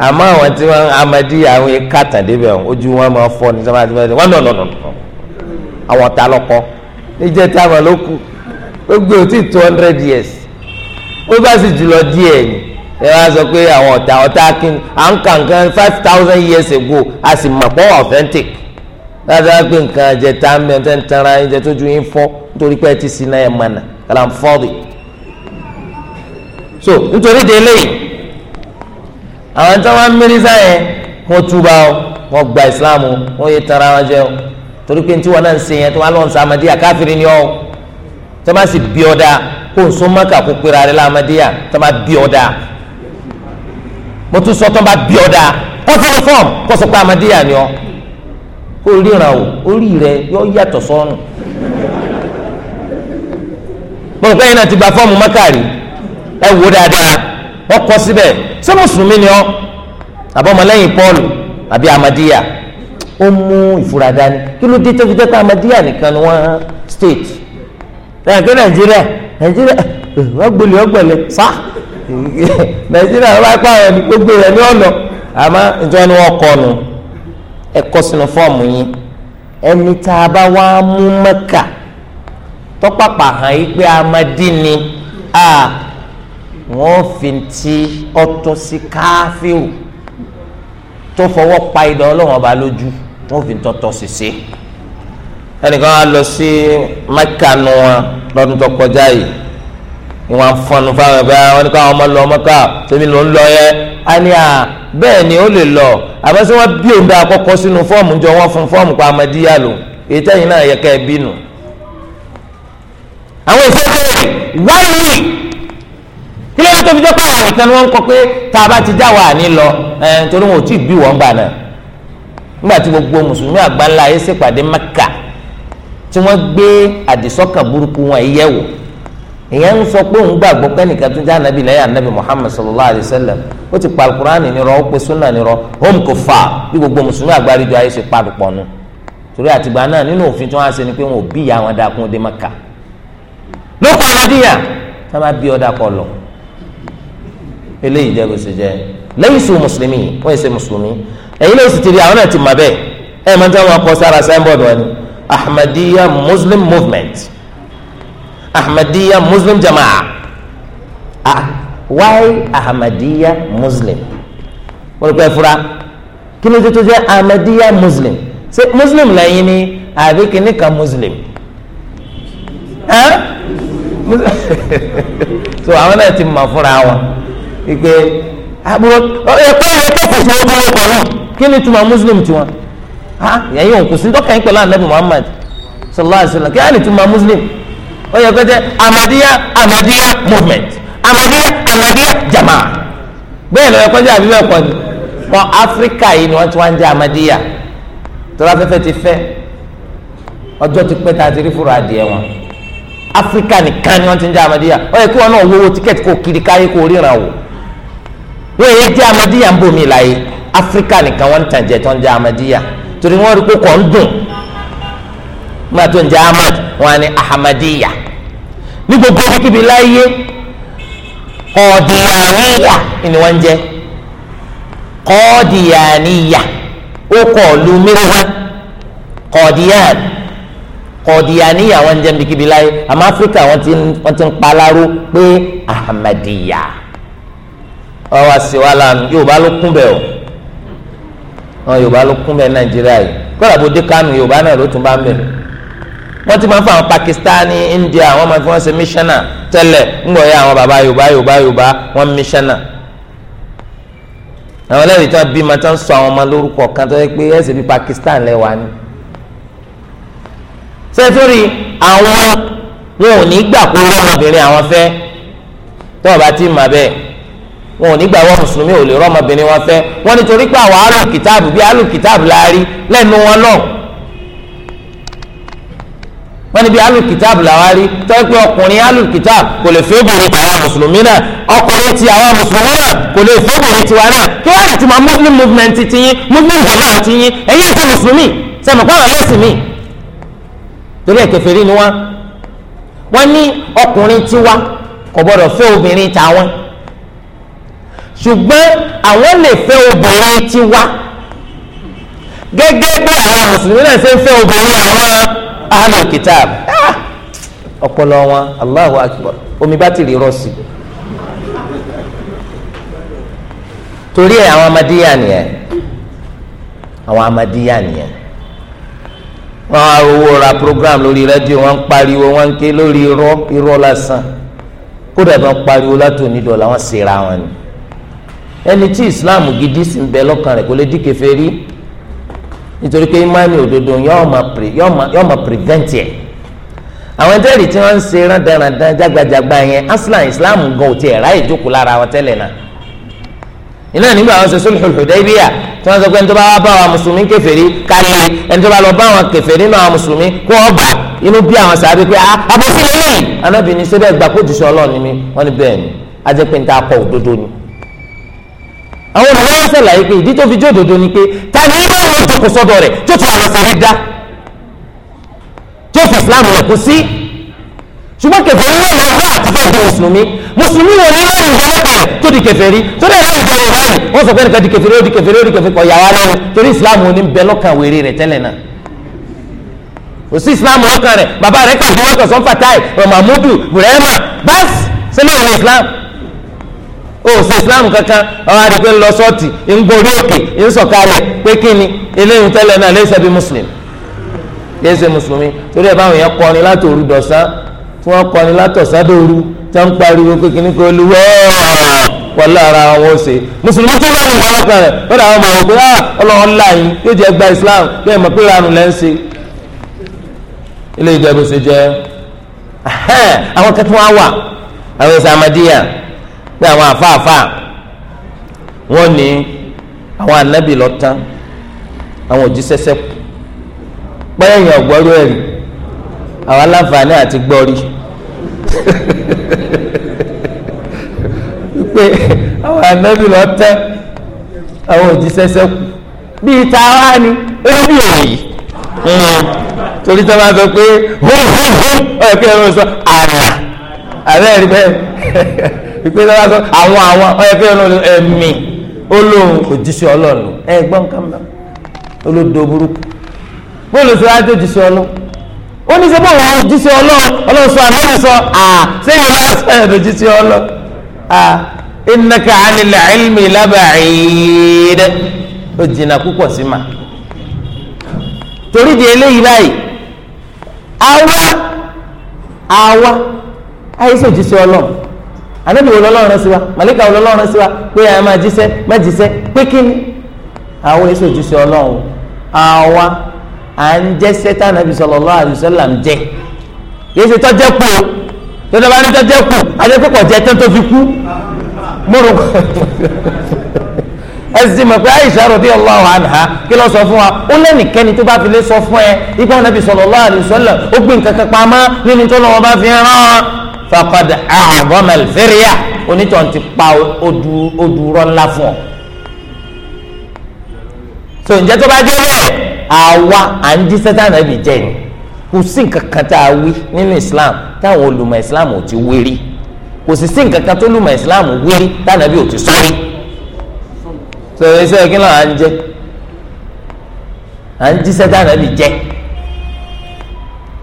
àmọ́ àwọn tí wọn amadi àwọn eka tàdébẹ ojú wọn máa fọ ní sábà tí wọn nọ nọ nọ àwọn ta lọkọ níjẹ táwọn ló kù ó gbé òtí two hundred years ó bá sì jùlọ díẹ̀ ni ẹ wá sọ pé àwọn ọ̀tá ọ̀tá akin ni à five thousand years ago a sì mọ̀ pọ̀ authentic dáadáa pé nǹkan jẹ a mẹ ọtẹ ń ẹ jẹ tójú yín fọ́ nítorí pé ẹ ti sin náà ẹ ń so nítorí délé àwọn tí wọn wọn ọ wọn gba wọn yé wọn jẹ ọ torí pé tiwọn náà ń ṣe tí wọn lọ ń sa amadiya ni ọ tí ọ dáa kó kó pera rẹ tí ọ dáa mo tún sọ tó ń bá bí ọ dáa kó fún un fọ́ọ̀mù kó sọ pé amadéyà ni ọ kó ríran o orí rẹ yọ yàtọ̀ sọ́nù mo rò pé yín náà ti gba fọ́ọ̀mù mọ́kàrí ẹ wò dáadáa wọ́n kọ́ síbẹ̀ ṣé mùsùlùmí ni ọ àbọ̀mọlẹ́yìn pọ́ọ̀lù àbí amadéyà ó mú ìfura dání kí ló dé tẹ́fí tẹ́tà amadíyà nìkan ni wọ́n state ẹ̀ka nàìjíríà nàìjíríà ọgbọ̀lẹ̀ ọgbọ̀lẹ̀ sá nàìjíríà wọn bá pa àwọn gbogbo rẹ ní ọ̀nà àmọ́ ìjọ ni wọ́n kọ́ nu ẹ kọ́ sínú fọ́ọ̀mù yín ẹni tá a bá wá mú mẹ́kà tọ́pàpà hàn yí pé amadi ni a wọ́n fi ti ọtọ́ sí káfíù tó fọwọ́ pa idà ọlọ́wọ́n ọba lójú wọ́n fi tọ́tọ́ sí sí ẹnìkan á lọ sí mẹ́kà nu wọn lọ́dún tó kọjá yìí ni wọn fọnù fáwọn ẹgbẹ wọn ni kó àwọn ọmọ lọ ọmọ ká tèmi ló ń lọ yẹ á ní à bẹ́ẹ̀ ni ó lè lọ àbẹ́sẹ̀ wọn bí òun bá àkọ́kọ́ sínú fọ́ọ̀mù jọ wọn fún fọ́ọ̀mù pa amadíyà lò èyí tẹ́yìn náà yẹ ká ẹ bínú. àwọn ìfowópamọ́ one kí ló tó fi jẹ́ pé àwọn ìtàn ni wọ́n ń kọ pé tá a bá ti já wa ní lọ ẹ̀ eh, nítorí wọn ò tí ì bí wọ́n gbà náà nígbà tí gbogbo mùsùlùmí àgbáńlá ayé ṣèpàdé Mẹ́kà tí wọ́n gbé àdìsọ́kàn burúkú wọn yẹ̀wò ìyẹn ń sọ pé òun gbàgbọ́ kẹ́nìkan tó já anabi lẹ́yìn anabi muhammed sallallahu alayhi wa sallam ó ti pa alukur'an nírọ́ ó pe sunna nírọ́ hom kò fà bí gbogbo mùsùlùmí àgbáríjọ ayé ṣe padù pọ̀ nù torí àtìgbà náà nínú òfin tí wọ́n á ṣe ni pé wọn ò bí ìyá wọn dákun dé maka ló kọ́ amadíyà tá a bá bí ọ̀dà kọ lọ eléyìí jẹ́ gbèsè jẹ́ lẹ́yìn sùn mùsùlùmí wọ́n ṣe movement ahmadiyya muslim jama'a ah why ahmadiyya muslim mo rò pé fura kí ló dé tó jẹ́ ahmadiyya muslim ṣé muslim lẹ́yìn ni àbí kìíní kan muslim so àwọn náà ti mọ̀ fúnra wọn ìpè àbúrò ẹ̀kọ́ ẹ̀kọ́ kò fún ọdún ọkọ̀ náà kí ni túmọ̀ muslim tiwọn ẹ̀yìn òkú sí dọ́kàn yín pẹ̀lú anabi muhammad sallallahu alayhi wa sallam kí á ní túmọ̀ muslim ó yẹ kó jẹ́ amadiya amadiya movement amadiya amadiya jama bẹ́ẹ̀ ló yẹ kó jẹ́ àbí bẹ́ẹ̀ kọ́ ni wọn áfíríkà yìí ni wọ́n ti wá ń jẹ́ amadiya tọ́lá ti fẹ́ ọjọ́ ti pẹ́ tá ti rí fúra adìẹ wọn áfíríkà nìkan ni wọ́n ti ń jẹ́ amadiya ó yẹ kí wọn náà wọ́wọ́ tíkẹ́ẹ̀tì kó kiri káyé kó ríran wò wọ́n yẹ jẹ́ amadiya ń bomi láyé áfíríkà nìkan wọ́n ń tàn jẹ́ tó ń jẹ́ amadiya torí wọ́n rí kókò ń dùn nígbà tó ń jẹ́ ahmad wọn ni ahmadiyya ní gbogbo kíbi láyé kọ́ọ̀dìyàníyà ni wọ́n ń jẹ́ kọ́ọ̀dìyàníyà ó kọ̀ lu mìíràn kọ́ọ̀dìyàn kọ́ọ̀dìyàníyà wọ́n ń jẹ́ níbi kíbi láyé àmọ́ áfíríkà wọ́n ti ń paláró pé ahmadiyya wọ́n wá sí wa yorùbá ló kún bẹ́ẹ̀ o wọn yorùbá ló kún bẹ́ẹ̀ nàìjíríà yìí kọ́lá bó dé kánú yorùbá náà ló tún bá ń bẹ̀rẹ̀ wọ́n ti máa ń fa àwọn pakistani india wọ́n máa fi wọ́n ṣe míṣánná tẹ́lẹ̀ ńgbọ̀ yẹ àwọn baba yorùbá yorùbá yorùbá wọ́n míṣánná àwọn ẹlẹ́rìí tí wọ́n bí ma tí wọ́n sọ àwọn ọmọ lórúkọ kan tó yẹ pé ẹ̀sìn bí pakistan lẹ́wà ni sẹ́túrì àwọn wọn ò ní gbà kó ọmọbìnrin àwọn fẹ́ tó o bá ti mà bẹ́ẹ̀ wọn ò ní gbà wọ́n mùsùlùmí ò lè rọ́mọbìnrin wọn fẹ́ wọ́n nítorí pé àwọn alùkìtàbù bí alùkìtàbù la rí lẹ́nu wọn náà wọ́n ní bí alul kitab làwa rí tọ́jú pé ọkùnrin alul kitab kò lè fẹ́ obìnrin tí àwọn mùsùlùmí náà ọkùnrin ti àwọn mùsùlùmí náà kò lè fẹ́ obìnrin tiwa náà kí wọ́n àti máa muslim movement ti yín muslim jama'a ti yín ẹ̀yin ẹ̀sìn mùsùlùmí sẹ́mi kọ́ àwọn ẹ̀sìn mi. torí ẹ̀ kèfèrí ni wọ́n wọ́n ní ọkùnrin tiwa kò gbọ́dọ̀ fẹ́ obìnrin tàwọn ṣùgbọ́n àwọn lè fẹ́ obìnrin tiwa gẹ́gẹ́ bí àwọn mùsùlùmí náà ahlul kitab ah! ọpọlọ wọn allahu akbar omi bátìrì rọ̀ọ̀sì torí ẹ àwọn amadíyà nìyẹn àwọn amadíyà nìyẹn wọn á owó ra program lórí rédíò wọn ń pariwo wọn ń ké lórí irọ́ irọ́ lásán kódà bí wọn pariwo látò onídọ̀ọ́lá wọn ṣera wọn ni ẹni tí islam gidi sì ń bẹ lọ́kàn rẹ̀ kò lè di kèfèrí nítorí pé imáni òdodo yóò máa prevent yẹ àwọn ẹjẹ́rìí tí wọ́n ń ṣe rádaràdá jágbajàgba yẹn aslan islam gan ò tiẹ̀ ráyè jókòó lára wọn tẹ́lẹ̀ náà iná nígbà wọn ṣe sulhul Hudaybiyah tí wọ́n sọ pé ẹni tó bá wá bá wa mùsùlùmí kèfèrí kárí ẹni tó bá lọ bá wọn kèfèrí náà mùsùlùmí kó wọ́n bá inú bí àwọn sàbí pé abọ́sílẹ̀ ah, yìí anábìíní ṣe bẹ́ẹ̀ gbà kó jùṣọ́ ọlọ́ọ̀ni mi wọ́n ní bẹ́ẹ̀ ni ajẹ́pẹ́ ní ta kọ òdodo ni àwọn olùwọ́n sàlàyé pé ìdí tó fi jódodo ni pé ta ni ẹ máa wọ́n jókòó sọ́dọ̀ rẹ̀ tó tún àwọn sáré dá tó fi islam rẹ̀ kú sí ṣùgbọ́n kèfèrí náà máa bá àtúntò ìdí mùsùlùmí mùsùlùmí wọn ní láyé ìjọba bẹ̀rẹ̀ tó di kèfèrí tó dẹ̀ láyé ìjọba ìbáyé wọ́n sọ pé nìkan di kèfèrí ó di kèfèrí ó di kèfèrí kọ̀ yàrá lẹ́nu torí islam ò ní bẹ lọ́kàn wèrè rẹ̀ tẹ́lẹ̀ náà kò sí islam lọ́kàn rẹ̀ bàbá rẹ̀ kàdúrà kọ̀sán fatai ramamudu burema bas sílẹ̀ ìwé islam. o ṣe islam kankan ọ̀rọ̀ àdìgbò lọ sọ́ọ̀tì ń òkè pé kí ni eléyìí tẹ́lẹ̀ náà lẹ́sẹ̀ bí mùsùlùmí lẹ́sẹ̀ mùsùlùmí torí ẹ̀ báwọn yẹn láti òru dọ̀sán tí wọ́n láti tí wọ́n ń pariwo pé kí ni kò lu wọ́ọ̀ ara wọn ṣe tó bá rẹ̀ ó mọ̀ wọ́n pé ah ọlọ́run yóò jẹ́ gba islam bẹ́ẹ̀ mọ̀ pé ranù lẹ́ ń ṣe. ilé pé àwọn àfáàfá wọ́n ní àwọn ànábì lọ tán àwọn òjíṣẹ́ sẹ́kù pẹ́yìn ọ̀gbọ́rú ẹ̀rí àwọn aláǹfààní àti gbọ́rí pé àwọn ànábì lọ tán àwọn òjíṣẹ́ sẹ́kù bíi ta wá ni ẹ̀rí èyí hmm. torí tó máa sọ pé hóhóhó ọ̀kẹ́ ẹ̀rọ sọ àrà àrà ẹ̀rí bẹ́ẹ̀. ìpín sábà sọ àwọn àwọn ẹgbẹ́ ẹ̀mí olóhùn òjíṣẹ́ ọlọ́ọ̀lù ẹ gbọ́ nǹkan mọ́ olódò burúkú bóòlù sọ adé òjíṣẹ́ ọlọ́ ó ní sẹ́pọ̀ wọn òjíṣẹ́ ọlọ́ ọlọ́sọ àmọ́ sọ à sẹ́yìn bá sẹ́yìn òjíṣẹ́ ọlọ́ à ìnaka ànilẹ̀ ẹ̀lmi lábàáyé ó jìnnà púpọ̀ sí ma torí di eléyìí báyìí àwa àwa àyè òjíṣẹ́ ọlọ́ọ̀ anabi wo lọ́lọ́run sí wa màlíkà wo lọ́lọ́run sí wa pé ẹ máa jíṣẹ́ má jíṣẹ́ pé kí ni àwọn èso jíṣẹ́ ọlọ́run àwa à ń jẹ́ṣẹ́ tànàbí sallallahu alaihi wasallam ń jẹ́ yìí ṣe tọ́jẹ́ kù o tọ́jẹ́ bá ní tọ́jẹ́ kù adékòkò jẹ́ tán tó fi kú múrò ẹsì mọ̀ pé Aisha radiyallahu anha kí ló sọ fún wa ó lẹ́nìkẹ́ni tó bá fi lé sọ fún ẹ ipá nàbì sallallahu alaihi wasallam ó gbé nǹkan kan pamọ́ nínú tó lọ́wọ́ bá fi hàn án faqad a'zama al-firya onítọ̀hún ti pa odùrọ̀ ńlá fún ọ. so ǹjẹ́ tó bá jẹ́ bẹ́ẹ̀ àwa à ń jí sẹ́tàn ẹ̀bì jẹ́ ni kò sí nǹkan tá a wí nínú Islam táwọn olùmọ̀ Islam ò ti wérí kò sì sí nǹkan tó lùmọ̀ Islam wérí táwọn ẹ̀bì ò ti sọ́rí. so iṣẹ́ kí ló à ń jẹ́ à ń jí sẹ́tàn ẹ̀bì jẹ́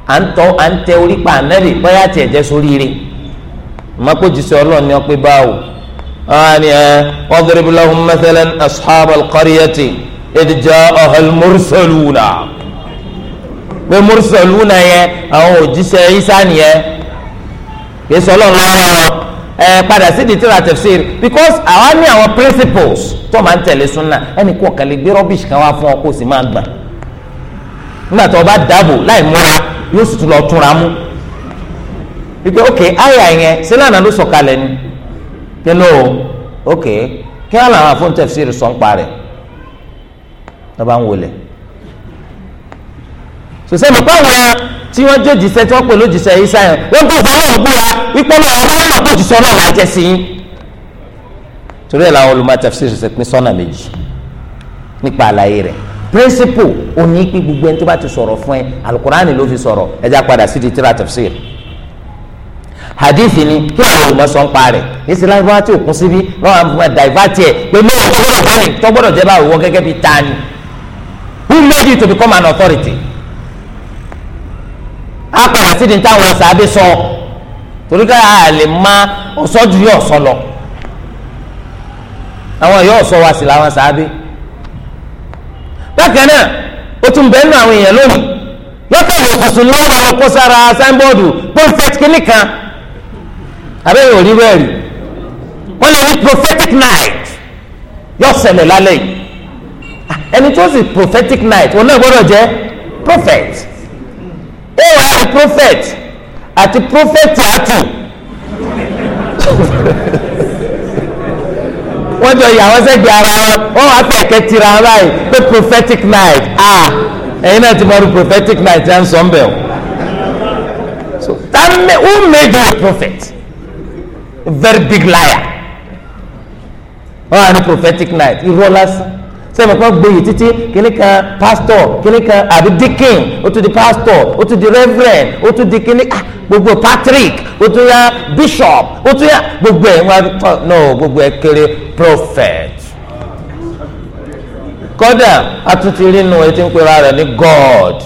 à ń tọ́ à ń tẹ orí pa ànábì bóyá tiẹ̀ jẹ́ sórí rẹ̀ mọ́kòjìṣẹ́ ọlọ́run ni wọ́n pé báwo wọ́n ni ẹ wadrib lahum mathalan ashabal qaryati idh ja'ahal pé mursaluna yẹn àwọn òjíṣẹ́ Ìsá nìyẹn kì í sọ ọlọ́run lọ́rọ̀ wọn ẹ padà sí di tíra tẹfsir because àwa ní àwọn principles tó máa ń tẹ̀lé sunna ẹnì kó kàlẹ́ gbé rubbish kan wá fún ọ kó o sì máa gbà nígbà tó o bá dáàbò láì múra yóò sì tún lọ túnra mú ìgbẹ́ ok àyà yẹn sílànà ló sọ̀kalẹ̀ ni kílò ok kí á làwọn afọ́ntẹ́fsìrì sọ̀ ń parẹ́ lọ́ba ń wọlé sòsẹ́ mi pàwọn tí wọ́n jẹ́ òjíṣẹ́ tí wọ́n pè lójíṣẹ́ yìí sáyẹn wọ́n gbọ́ ìfọwọ́ ògbóra wípé ọmọ àwọn ọmọ náà kò jíṣẹ́ ọlọ́run àjẹ́ sí i. torí ẹ̀ làwọn olùmọ̀ tafsir ṣe pín sọ́nà méjì nípa àlàyé rẹ̀ principle òní pé gbogbo ẹni tó bá ti sọ̀rọ̀ fún ẹ alukurani ló fi sọ̀rọ̀ ẹ já padà sí di tírà tafsir hadithi ni kí àwọn olùmọ̀sán pa rẹ̀ èsì lágbára tí òkun síbí lọ́wọ́ àwọn ọmọ ẹ̀ pé mọ́ ọ̀gbọ́n gbọ́dọ̀ bá tó gbọ́dọ̀ jẹ́ báwo wọ́n gẹ́gẹ́ bí ta who made you to become an authority a padà sí di táwọn sàbẹ̀ sọ torí ká a lè má ọ̀sọ́ ju yóò sọ lọ àwọn yóò sọ wa sí làwọn sàbẹ̀ bákan náà ó tún bẹ́ẹ̀ nù àwọn èèyàn lónìí lọ́tọ̀lẹ̀ òkùnkùn ni wọ́n máa kó sára sáínbọ́ọ̀dù prophet kìíní kan àbẹ́yẹ ò rí bẹ́ẹ̀ rí wọ́n lè rí prophetic night yóò ṣẹlẹ̀ lálẹ́ yìí ẹni tó sì prophetic night òun náà gbọ́dọ̀ jẹ́ prophet ó wà á prophet àti prophet àtù. wọ́n jọ yà wọ́n sẹ́gbẹ̀ẹ́ ara wọn wọ́n wá pẹ̀ kẹ́tìrà wọn báyìí pé prophetic night ah ẹ̀yin náà ti mọ̀ ọ́ prophetic night ẹ̀ ń sọ ń bẹ̀ o so that may, who made you a prophet a very big liar wọ́n wá ní prophetic night irọ́ lásán sẹ́mi kan gboyè títí kíní kan pásítọ̀ kíní kan àbí díkìn ó tún di pásítọ̀ ó tún di rẹ́fẹ̀rẹ̀n ó tún di kíní ah, gbogbo patrick ó tún yá bishop ó tún yá gbogbo ẹ̀ wọ́n á no gbogbo ẹ̀ kéré prophet kọ́dà àtúntì rínú ẹ ti ń pera rẹ̀ ní god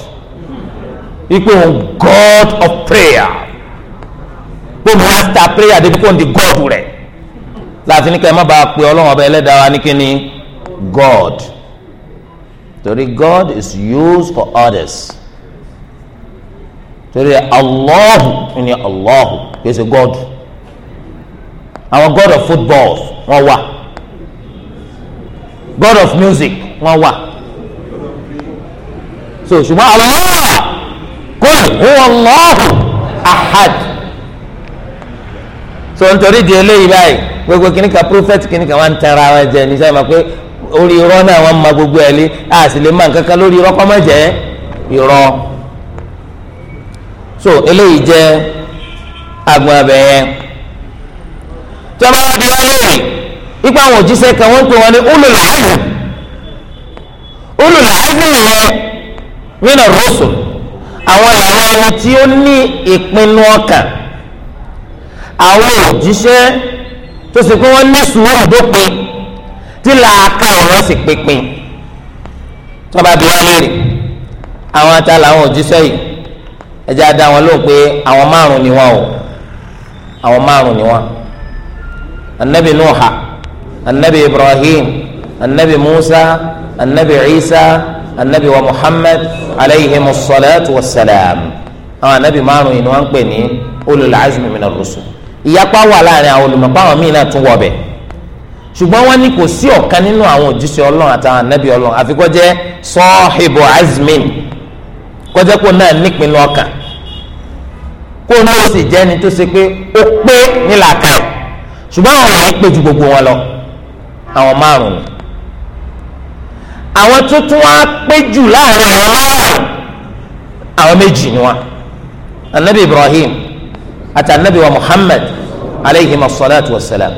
ipe òun god of prayer pé master prayer débi kò ń di god rẹ̀ láti ní ká ẹ má bàa pe ọlọ́run ọba ẹlẹ́dàá wa ní kíni. God torí God is used for others torí Allah, ni Allah, is a God Our God of football wọ́n wà God of music wọ́n wà so ṣùgbọ́n Allah kul huwa Allah, ahad so nítorí di eléyìí báyìí gbogbo kìnnìkan prophet kìnnìkan wà ń tẹ̀ra wọn jẹ ní sábà pé orí irọ́ náà wọ́n ma gbogbo ẹ̀ lé a sì lè má nǹkankan lórí irọ́ kọ́ má jẹ́ irọ́ so eléyìí jẹ́ agbọn abẹ yẹn tí wọ́n bá wá bí wọ́n léèrè ipa àwọn òjíṣẹ́ kan wọ́n ń pè wọ́n ní olùlàáyù olùlàáyù yẹn nínú rọ́ọ̀sù àwọn làwọn ẹni tí ó ní ìpinnu ọkàn àwọn òjíṣẹ́ tó sì pé wọ́n ní sùúrù dópin tí làákà ọ̀rọ̀ sì pínpín tí wọ́n bá bí wọ́n léèrè àwọn ata làwọn òjíṣẹ́ yìí ẹjẹ́ adá wọn lóhùn pé àwọn márùn ni wọn o àwọn márùn ni wọn anabi nuha anabi ibrahim anabi musa anabi isa anabi wa muhammad alayhi musalatu wa salam àwọn anabi márùn ni wọn ń pè ní ulul azmi minar rusul ìyapa wà láàrin àwọn olùmọ̀pá àwọn míì náà tún wọ̀ bẹ́ẹ̀ ṣùgbọ́n wọ́n ní kò sí ọ̀kan nínú àwọn òjíṣẹ́ ọlọ́run àtàwọn ànábì ọlọ́run àfi kó jẹ́ sọ́ọ̀hìbò azmin kó jẹ́ kó náà nípinnu ọkàn kó náà sì jẹ́ ẹni tó ṣe pé ó pé nílàkà ẹ̀ ṣùgbọ́n àwọn wọ̀nyí pé ju gbogbo wọn lọ àwọn márùn-ún àwọn tó tún wá pé jù láàrin àwọn márùn-ún àwọn méjì ni wọn ànábì Ibrahim àti ànábì wa Muhammad aleyhi masalatu wa salam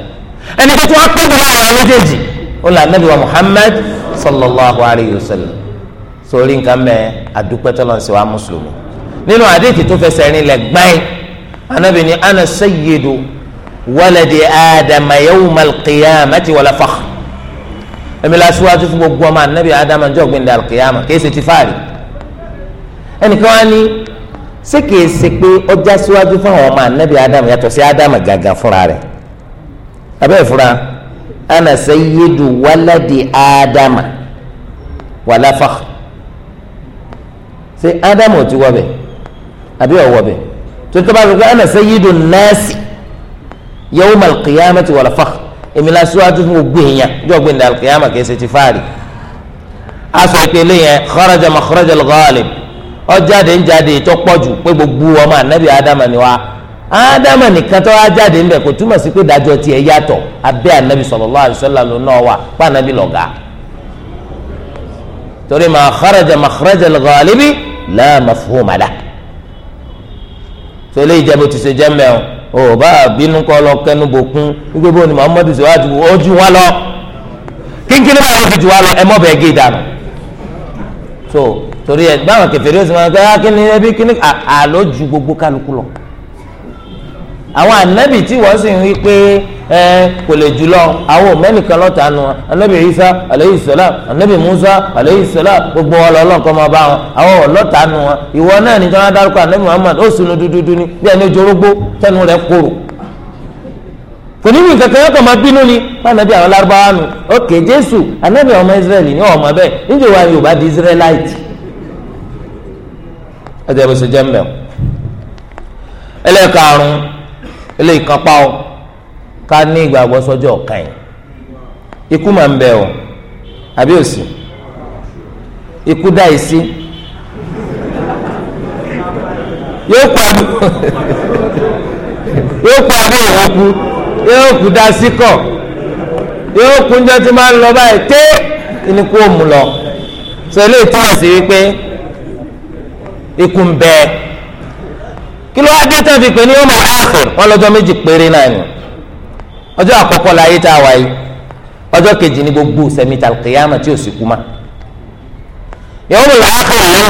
ẹni tó tún wá pé jù láàrin àwọn méjèèjì ó là nàbí wa Muhammad sallallahu alayhi wa sallam sórí nǹkan mẹ́ adúpẹ́tọ́lọ́ sí wa mùsùlùmí nínú àdéhìí tó fẹsẹ̀ rìn lẹ̀ gbáyìn anabi ni ana sayyidu waladi adama yawmal qiyamati wala fakh èmi la síwájú fún gbogbo ọmọ anabi adama jọ gbẹndẹ alqiyama kìí ṣe ti fáàrí ẹnìkan wá ní ṣé kìí ṣe pé ọjà síwájú fún àwọn ọmọ anabi adama yàtọ̀ sí adama gàgà fúnra rẹ̀ abẹ́ ìfura ana sayyidu waladi ádámà wala fakh ṣe ádámà ò ti wọ bẹ̀ àbí ọ̀wọ́ bẹ̀ tó tó bá fi kọ́ ana sayyidu nasi yawmal qiyamati wala fakh èmi la síwájú fún gbogbo èèyàn jọ gbé ndàlù kìyàmà kìí ṣe ti fáàrí aṣọ ìpele yẹn kharaja makharajal ghalib ó jáde ń pé gbogbo ọmọ anabi ádámà ni wá ádámà nìkan tó wá jáde ńbẹ kò túmọ̀ sí pé dájọ́ tiẹ̀ yàtọ̀ abẹ́ ànábì sallallahu alaihi wasallam ló náà wà pa ànábì lọ́gà torí ma kharaja makhraja al-ghalibi la mafhuma lahu tolè ìjẹ́bù ti ṣe jẹ́ mẹ́rin o bá bínú kọ́ lọ kẹ́nu bòkun wípé bóun ni muhammadu ṣe wá ju ojú wa lọ kínkínní báyìí ó ti ju wa lọ ẹ mọ́ bẹ́ẹ̀ gé dànù so torí ẹ báwọn kẹfẹ́ rí àwọn ànábì tí wọ́n sì ń wí pé ẹ kò lè jùlọ àwọn òmẹ́nìkan lọ́ta nu wọn ànábì Isa aleyhi salam ànábì Musa aleyhi salam gbogbo wọn lọ́lọ́ kọ́ máa bá wọn àwọn ọlọ́ta nu wọn ìwọ náà ní jọ́nà dárúkọ ànábì Muhammad ó sunu dúdúdú ni bí ẹni ojorógbó tẹnu rẹ̀ kúrò kò ní nǹkan kan yọkàn máa bínú ni ànábì àwọn lárúbáwá nu ókè Jésù ànábì ọmọ Israẹli ní ọmọ bẹ́ẹ̀ níjẹ́ wa Yorùbá di Israelite ẹ jẹ́ bó ṣe jẹ́ mbẹ́ ẹlẹ́karùn-ún eléyìí kan pa ọ ká ní ìgbàgbọ́ sọ́jọ́ ọ̀kan yìí ikú máa ń bẹ ọ àbí òsì ikú dá yìí sí yóò pa mí yóò pa mí ìwọ́n kú yóò kú dá sí kọ̀ yóò kú njẹ́ tí máa ń lọ báyìí té ni kú òmù lọ sọ eléyìí túmọ̀ sí wípé ikú ń bẹ kí ló wá dé tán fi pè ní ọmọ àfẹr wọn lọ́jọ́ méjì péré náà ni ọjọ́ àkọ́kọ́ láyé tá a wáyé ọjọ́ kejì ní gbogbo sẹmi tàlùkìyàmà tí ò sì kú ma yòówù làákùn ń bọ̀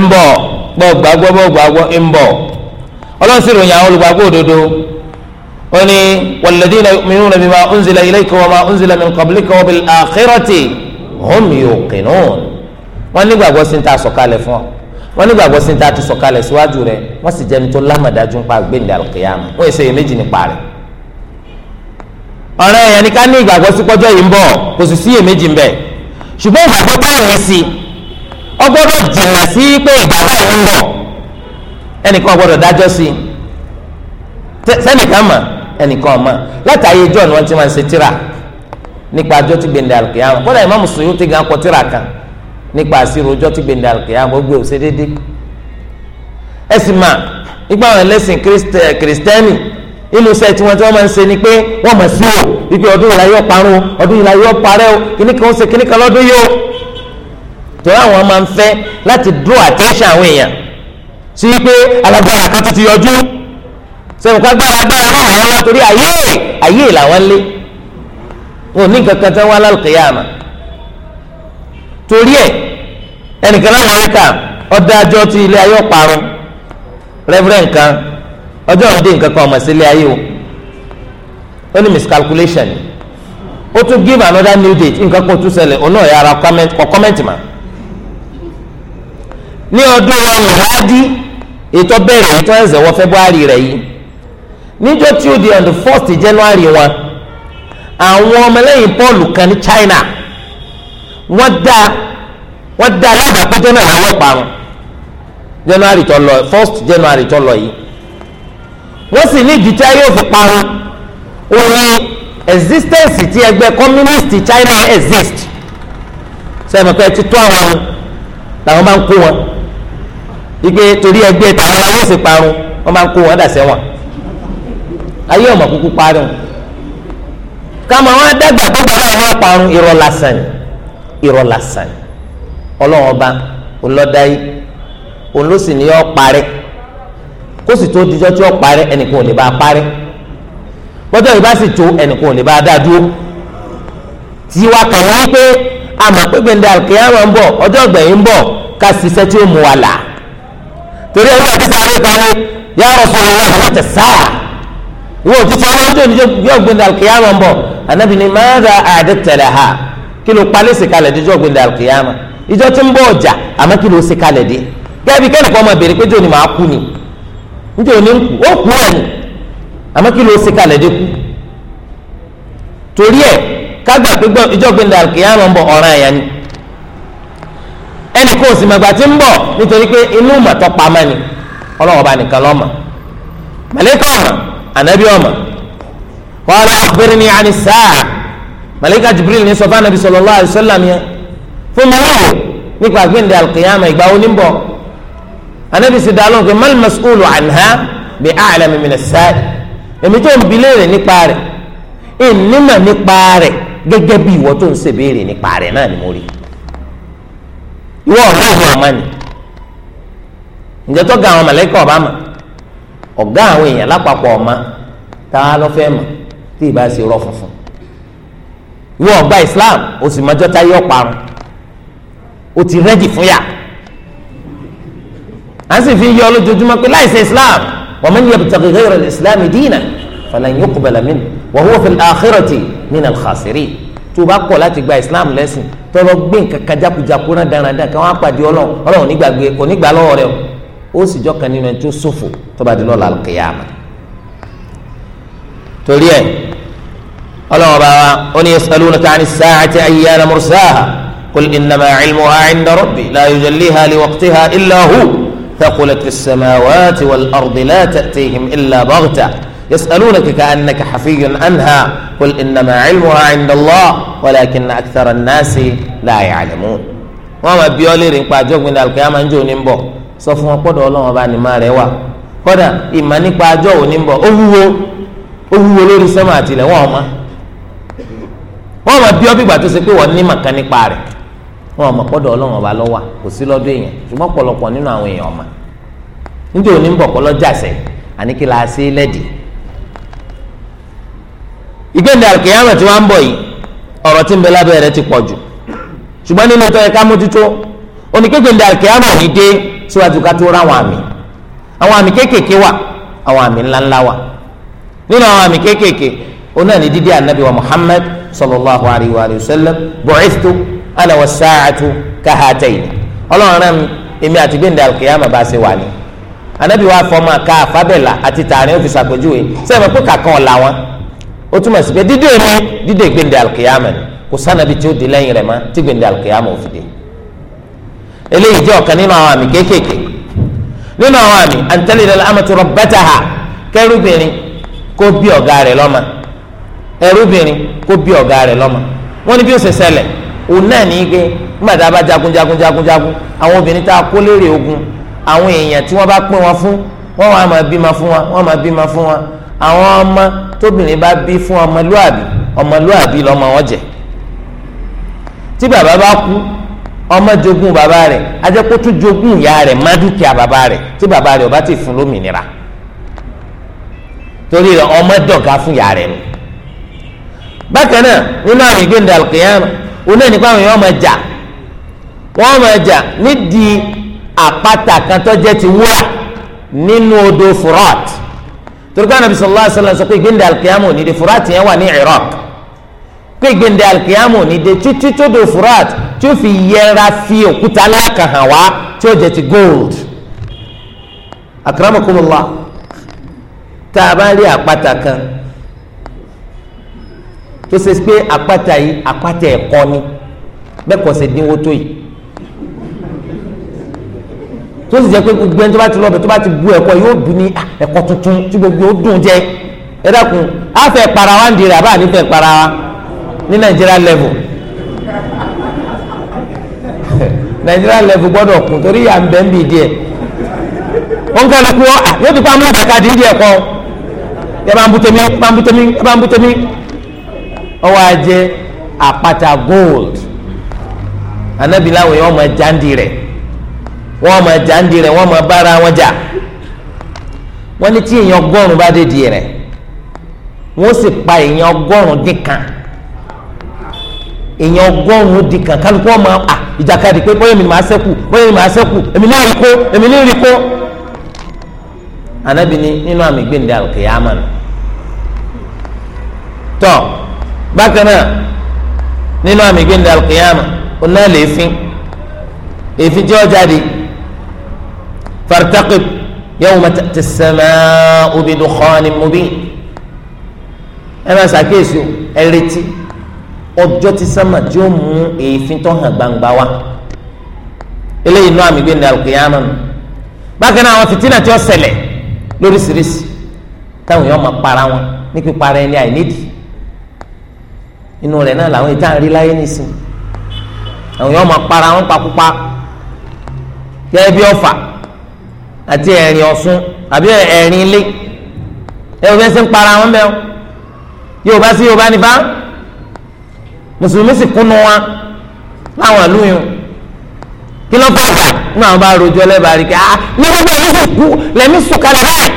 ń bọ̀ bọ gbàgbọ́ bọ gbàgbọ́ ń bọ̀ ọlọ́sì ròyìn àwọn olùgbàgbọ́ òdodo ó ní walladhina yu'minuna bima ma unzila min qablika wa bil ń ta sọ̀kalẹ̀ fún ọ wọ́n nígbàgbọ́ sí ta ti sọ̀kalẹ̀ síwájú rẹ̀ wọ́n sì jẹ́ni tó lámàdájú ń pa gbẹ̀ndẹ̀ àlùkìyàmù wọ́n èsè méjì nípa rẹ̀ ọ̀rẹ́ yẹn ni ká ní ìgbàgbọ́ sí pọ́jọ́ yìí ń bọ̀ kò sì sí èméjì ń bẹ̀ ṣùgbọ́n ìgbàgbọ́ táwọn sí ọgbọ́dọ̀ jìnnà sí pé ìgbàgbọ́ yìí ń bọ̀ ẹnìkan ọgbọ́dọ̀ dájọ́ sí sẹ́nìkan mà ẹnìkan mà látàyè john wọ́n ti máa ń ṣe nípa àṣírò ọjọ́ tí gbèndé àlùkìyà gbogbo ò ṣe déédéé ẹ sì mà nípa àwọn ẹlẹ́sìn kìrìsìtẹ́nì eh, nínú iṣẹ́ tí wọ́n ti wọ́n máa ń ṣe ni pé wọ́n mọ̀ sí o wípé ọdún yìí la yọ parun ọdún yìí la yọ parẹ́ o kíní kan ó ṣe kíní kan lọ́dún yìí o torí àwọn máa ń fẹ́ láti draw attention àwọn èèyàn sí pé alágbára kan ti ti yọjú sẹ́wọ̀n kágbára agbára náà wọ́n lọ torí ayé ayé làwọn lé wọn ò ní nǹkan kan tán wọn alálùkìyàmà torí ẹ̀ ẹnìkan náà láyìíká ọdẹ ajọ ti ilé ayé ọparun rẹfúrẹǹ kan ọjọ́ òun dé nǹkan kan ọmọ sí ilé ayé o ó ní miscalculation ó tún give another new date nǹkan kan tún ṣẹlẹ̀ òun náà yára kọ kọ́mẹ́ǹtì mà ní ọdún wa mùhádì ètò bẹ̀rẹ̀ ètò ẹ̀sẹ̀ wọ february rẹ̀ yìí níjọ́ tí ó di on the first january wọn àwọn ọmọlẹ́yìn paul kan ní china wọ́n dá wọ́n dá aláàbà pé jọ́nà làwọn parun january tó lọ first january tó lọ yìí wọ́n sì ní ìdí yóò fi parun òun existence ti ẹgbẹ́ communist china exist sẹ́mi pé ti tó àwọn làwọn bá ń kó wọn igbe torí ẹgbẹ́ tàwọn làwọn sì parun wọ́n bá ń kó wọn dà sẹ́wọ̀n ayé ọmọ kúkú parun káma wọn dàgbà tó bá wọn parun irọ́ lásán irọ́ lásán ọlọ́run ọba olọ́dáyé òun ló sì ní yọ parẹ́ kó sì tó dijọ́ tí yọ parẹ́ ẹnìkan ò lè bá parẹ́ bọ́jọ́ ìbá sì tó ẹnìkan ò lè bá dá dúró tiwa kàn wá pé àmọ́ pé gbẹ̀ndẹ̀ àkèyàwó ń bọ̀ ọjọ́ gbẹ̀yìn ń bọ̀ ká ṣiṣẹ́ tí ó mú wa là torí ẹni àti sáré parí yà á rọ̀ṣọ̀ ọ̀la ọ̀la tẹ̀ sáà wọ́n ò títí ọlọ́run tó níjọ́ yọ gbẹ̀ndẹ̀ àkèyàwó ń bọ̀ ànábì ni máa ra àdé tẹ̀lẹ̀ ha kí ló palẹ́sì kalẹ̀ níjọ́ gbẹ̀ndẹ̀ àkèyàwó ìjọ tí ń bọ̀ ọjà àmọ́ kí ló ṣe kalẹ̀ dé gẹ́gẹ́ bí kẹ́nìkan ọmọ béèrè pé jòní máa kú ni níjẹ́ òní ń kú ó kú ẹ̀ ni àmọ́ kí ló ṣe kalẹ̀ dé kú torí ẹ̀ kágbà pé ìjọ gbẹ̀ndà kìyàmọ̀ ń bọ̀ ọ̀ràn ẹ̀yà ni ẹnì kò sì mọ̀gbà tí ń bọ̀ nítorí pé inú mọ̀tọ́ pamọ́ ni ọlọ́wọ́ bá nìkan lọ́mọ màlẹ́kà ọ̀mọ̀ ànábì ọ̀mọ̀ qala akhbirni 'ani as-sa'a màlẹ́kà Jibril ni sọ fún ànábì sallallahu alaihi wasallam yẹn fún mi láàyè nípa gbẹ̀ndẹ̀ alqiyama ìgbà wo ní bọ̀ anabi sì dá lóhùn pé mal mas'ulu anha bi a'lama min as-sa'il èmi tó ń bi léèrè nípa rẹ̀ ìnímọ̀ nípa rẹ̀ gẹ́gẹ́ bí ìwọ tó ń ṣèbéèrè nípa rẹ̀ náà ni mo rí ìwọ ọ̀rọ̀ ìwọ ọ̀ma ni ǹjẹ́ ga àwọn mọ̀lẹ́kọ̀ ọ̀bá mà ọ̀gá àwọn èèyàn lápapọ̀ ọ̀ma tá a lọ fẹ́ mọ̀ tí ì bá ṣe rọ funfun ìwọ ọ̀gbà Islam òsì mọ́jọ́ta yọ̀ parun o ti rẹ́jì fún yà à ń sì fi yọ lójoojúmọ́ pé láì ṣe islam wa man yabtaghi ghayra al-islam dinan falan yuqbala minhu wa huwa fil akhirati min al-khasirin tó o bá kọ̀ láti gba islam lẹ́sìn tọ́lọ́ gbé nǹkan kan jákujáku náà dáradára kí wọ́n á pàdé ọlọ́run ọlọ́run onígbàgbé onígbà lọ́wọ́ rẹ o ó sì jọ́ kan nínú ẹni tó ṣòfò tó bá di lọ́la al torí ẹ ọlọ́run bá wa ó ní yasalunaka قل إنما علمها عند ربي لا يجليها لوقتها إلا هو ثقلت في السماوات والأرض لا تأتيهم إلا بغتة يسألونك كأنك حفي عنها قل إنما علمها عند الله ولكن أكثر الناس لا يعلمون wọ́n máa bí ọlẹ́rìí nípa àjọgbìn ní alùpùpù máa ń jẹ́ òní ń bọ̀ sọ fún wọn pọ́dọ̀ ọlọ́run ọba ni máa rẹ̀ wá kọ́dà ìmọ̀ nípa àjọ òní ń bọ̀ ó wúwo ó wúwo lórí sẹ́mà àtìlẹ̀ wọ́n ọ̀ma wọ́n máa bí ọ bí gbà tó pé wọ́n ní màkà nípa rẹ̀ wọn ọmọ pọdọ Ọlọ́run ọba lọwà kò sí lọ́dọ̀ èèyàn ṣùgbọ́n pọ̀lọpọ̀ nínú àwọn èèyàn ọmọ nítorí òní ń bọ̀ kọlọjàsẹ àní kí la ṣe lẹdí. ìgbéǹde àlùkìyàmọ̀ tí wọ́n ń bọ̀ yìí ọ̀rọ̀ tí ń bẹ lábẹ́ ti pọ̀ jù ṣùgbọ́n nínú ẹ̀ka mójútó yìí dé síwájú ká tó àwọn àmì àwọn àmì wà àwọn àmì ana wa sa'atu kahatayn ọlọ́run rán mi èmi àti gbẹ̀ndẹ̀ alkiyama bá ṣe wà ní. anabi wa fọmọ ká àfábẹ́là àti tààrin òfìsà àpèjúwe sẹ́yìn pé kàkan ọ̀la wọn ó túmọ̀ sí pé dídé mi dídé gbẹ̀ndẹ̀ alkiyama ni kò sànàbí tí ó di lẹ́yìn rẹ̀ mọ́ tí gbẹ̀ndẹ̀ alkiyama ò fi dé. eléyìí jẹ́ ọ̀kan nínú àwọn àmì kéékèèké nínú àwọn àmì àǹtẹ̀lẹ̀dẹ̀ amatu rabbataha kẹrúbìnrin kó bí ọ̀gá rẹ̀ lọ́mọ ẹrúbìnrin kó bí ọ̀gá rẹ̀ lọ́mọ wọ́n ní bí ó ṣe ṣẹlẹ̀ òun náà ní í nígbà tá a bá jagun jagun jagun jagun àwọn obìnrin tá a kó lérè ogun àwọn èèyàn tí wọ́n bá pín wọn fún wọ́n wàá máa bímọ fún wọn wọ́n máa bímọ fún wọn àwọn ọmọ tóbìnrin bá bí fún ọmọlúàbí ọmọlúàbí lọmọ wọn jẹ tí bàbá bá kú ọmọ jogún bàbá rẹ̀ ajẹ́kó tún jogún ìyá rẹ̀ má dúkìá bàbá rẹ̀ tí bàbá rẹ̀ ó ti fún lómìnira torí ọmọ dọ̀gá fún ìyá rẹ̀ nù bákan náà nínú àmì gbẹ̀ndàlùkìyàmù oní ẹni pàwọn èèyàn máa jà wọ́n máa jà nídìí àpáta kan tó jẹ́ ti wúrà nínú odò furat turkey anabi sallallahu alayhi wa sallam sọ pé gbẹ̀ndẹ̀ alkiyamu ní de furat yẹn wà ní iraq pé gbẹ̀ndẹ̀ alkiyamu ní de títí tó do furat tí ó fi yẹra fi òkúta láàkà hàn wá tí ó jẹ́ ti gold akramakumullah tá a bá rí àpáta kan tó ṣe pé àpáta yìí àpáta ẹ̀kọ́ ni bẹ́ẹ̀ kọ́ ṣe dínwó tó yìí tó sì jẹ́ pé gbogbo ẹni tó bá ti lọ́bẹ̀ tó bá ti bu ẹ̀kọ́ yóò bu ní ah, ẹ̀kọ́ tuntun tí gbogbo ó dùn jẹ ẹ dákun á fẹ́ para wa ń dirẹ̀ àbá àní fẹ́ para wa ní nàìjíríà level nàìjíríà level gbọ́dọ̀ kún torí à ń bẹ́ ń bì díẹ̀ wọn kàn lọ́kùn ah, yóò ti pa amúnàdàkadì ń di ẹ̀kọ́ yẹ bá ń bu tèmi yẹ bá ń bu tèmi yẹ bá ń bu tèmi ọwọ́ ajẹ́ àpáta gold anabi láwọn yẹn wọ́n máa jáǹdì rẹ̀ wọ́n máa jáǹdì rẹ̀ wọ́n wọn jà wọn ni tí èèyàn ọgọ́rùn bá dé di sì pa èèyàn ọgọ́rùn dín kan èèyàn ọgọ́rùn ọ dín kan kálukú ọmọ à ìjàkadì pé bóyá sẹ́kù bóyá sẹ́kù èmi náà rí kó èmi rí kó anabi ni nínú àmì bákan náà nínú àmì gbẹ̀ndé alqiyama ọ̀nà lẹ́ẹ̀fín èéfín tí ó jáde fartaqib yawma ta'ti as-sama'u bi dukhanin mubin ẹ máa ṣàkíyèsí o ẹ retí ọjọ́ tí sámà tí ó mú èéfín tó hàn gbangba wá eléyìí náà àmì gbẹ̀ndé alqiyama nù bákan àwọn fìtínà tí ó ṣẹlẹ̀ lóríṣiríṣi táwọn èèyàn máa para wọn ní pípa ara àìnídìí inú rẹ̀ náà làwọn ìta rí láyé nìsín àwọn yóò máa para wọn pakúpa gẹ́gẹ́ bí ọ̀fà àti ẹ̀rìn ọ̀ṣun àbí ẹ̀rìn ilé ẹ ò fẹ́ sí ń para wọn bẹ́ẹ̀ yorùbá sí yorùbá ní bá mùsùlùmí sì kúnnú wa láwọn ìlú yìí kí ló bá bá nínú àwọn bá rojọ́ lẹ́bàá rí kí á ah, ní gbogbo ẹ̀mí sì kú lẹ́mí sùn kalẹ̀ báyìí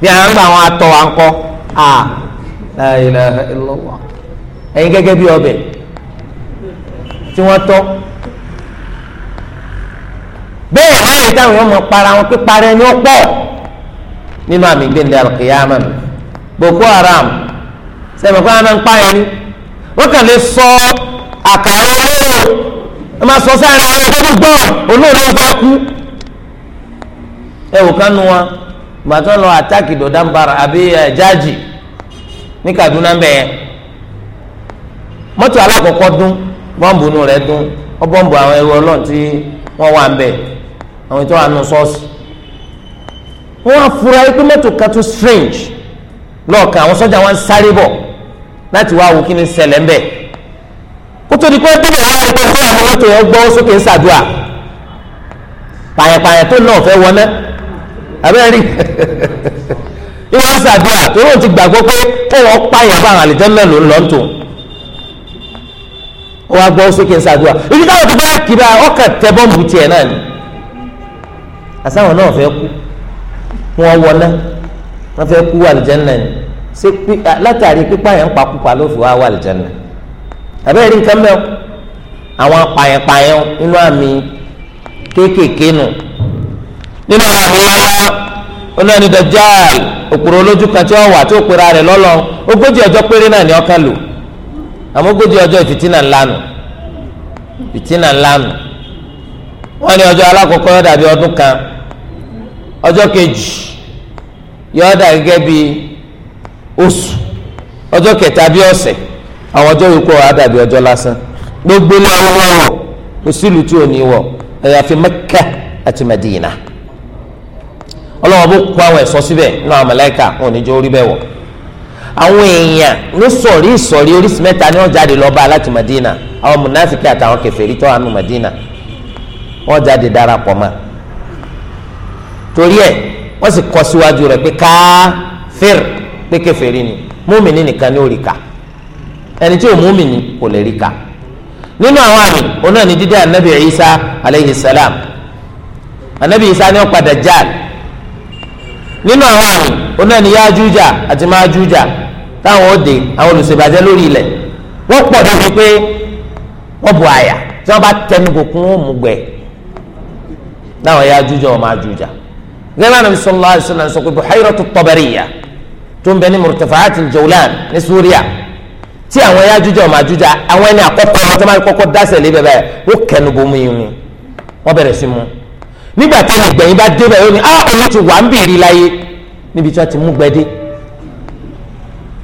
bí àwọn àgbà wọn atọ́ wa ń kọ́ à ah, la ilaha ẹ̀yin gẹ́gẹ́ bí ọbẹ̀ tí wọ́n tọ́ bẹ́ẹ̀ wọ́n lè táwọn èèyàn mọ̀ para wọn pé parẹ́ ni ó pọ̀ nínú àmì gbẹ̀ndẹ̀ alùkìyàmà mi Boko Haram sẹ́mi kó àná ń pààyàn ni wọ́n kàn lè sọ àkàrà olóró ẹ máa sọ sáré àwọn ọmọ tó gbọ́ olóró ń bá kú ẹ wò kánú wa gbàtọ́ lọ àtàkì dọ̀dá ń bara àbí ẹ̀ eh, jáàjì ní Kaduna bẹ́ẹ̀ mọ́tò alákọ̀ọ́kọ́ dún bọ́ǹbù inú rẹ̀ dún ó bọ́ǹbù àwọn ẹrú ọlọ́run tí wọ́n wà ń bẹ̀ àwọn ètò àánú sọ́ọ̀sì wọ́n á fura pé mọ́tò kan tó strange lọ́ọ̀kan àwọn sọ́jà wọn sáré bọ̀ láti wá wo kí ni ṣẹlẹ̀ ń bẹ̀ kótó di pé bíbélì àwọn ẹgbẹ́ fún àwọn mọ́tò yẹn gbọ́ sókè ń ṣàdúrà pàyàpàyà tó náà fẹ́ wọná abẹ́rẹ́ ìwọ́n ṣàdúrà tó lóun ti gbàgbọ́ pé kó wọ́n pààyàn bá àwọn àlejò náà ló ó wá gbọ́ sókè ń ṣàdúrà ibi táwọn tó bá kí bá ọkàn tẹ bọ́ǹbù tiẹ̀ náà ni àsáwọn náà fẹ́ kú wọn wọlé wọn fẹ́ kú wà lìjẹ́nà ni ṣé látàrí pípa yẹn ń pakúpa ló fi wá wà lìjẹ́nà àbẹ́rẹ́ nǹkan mẹ́wọ́ àwọn apayẹ̀payẹ̀ nínú àmì kéékèèké nù nínú àwọn àmì ńláńlá olóòní dajjal òpòrò olójú kan tí wọ́n wà tó pera rẹ̀ lọ́lọ́ ogójì ọjọ́ péré náà ni ọkàn lò àmọ́ dị ọjọ́ ìfìtínà na nlanu ìfìtínà ńlá nù wọ́n ní ọjọ́ alákọ̀ọ́kọ́ yọ̀ọ́ dàbí ọdún kan ọjọ́ kejì yọ̀ọ́ dà gẹ́gẹ́ bí oṣù ọjọ́ kẹta bí ọ̀sẹ̀ àwọn ọjọ́ yòókù ọ̀hà dàbí ọjọ́ gbogbo ní àwọn ọmọ wọn kò tí ò ní wọ ẹ̀yàfi Mẹ́kà àti ọlọ́wọ́n bó kó àwọn síbẹ̀ àwọn èèyàn ní sọ̀rí ìsọ̀rí oríṣi mẹ́ta ni wọ́n jáde lọ́ba láti Madina àwọn munafiki àtàwọn kèfèrí tó wà nù Madina wọ́n jáde darapọ̀ mọ́ torí ẹ̀ wọ́n sì kọ́ síwájú rẹ̀ pé káfíìr pé kèfèrí ni múmìnì nìkan ni ó rí ka ẹni tí ò múmìnì kò lè rí ka nínú àwọn àmì òun náà ni dídé anabi Isa aleyhi salam anabi Isa ni ó padà jáde nínú àwọn àmì onáà ni yájújà àti májújà táwọn òde àwọn olùṣèbàjẹ́ lórí ilẹ̀ wọ́n pọ̀ débi pé wọ́n bu àyà tí wọ́n bá tẹnu kòkun ó mú gbẹ táwọn ya jújà ọmọ àjújà gẹ́gẹ́ náà sallallahu alaihi wasallam sọ pé buhayratu tabariya tó ń bẹ ní murtafa'at al-jawlan ní Suria tí àwọn ya jújà ọmọ àjújà àwọn ẹni àkọ́kọ́ wọn tó máa kọ́kọ́ dásẹ̀ lé bẹ́ẹ̀ ó kẹnu bomú yín wọn wọ́n bẹ̀rẹ̀ sí mu nígbà táwọn ìgbẹ̀yìn bá dé bẹ́ẹ̀ ó ní ah ọ̀nà ti wà ń bìrì láyé níbi tí wọ́n ti mú gbẹ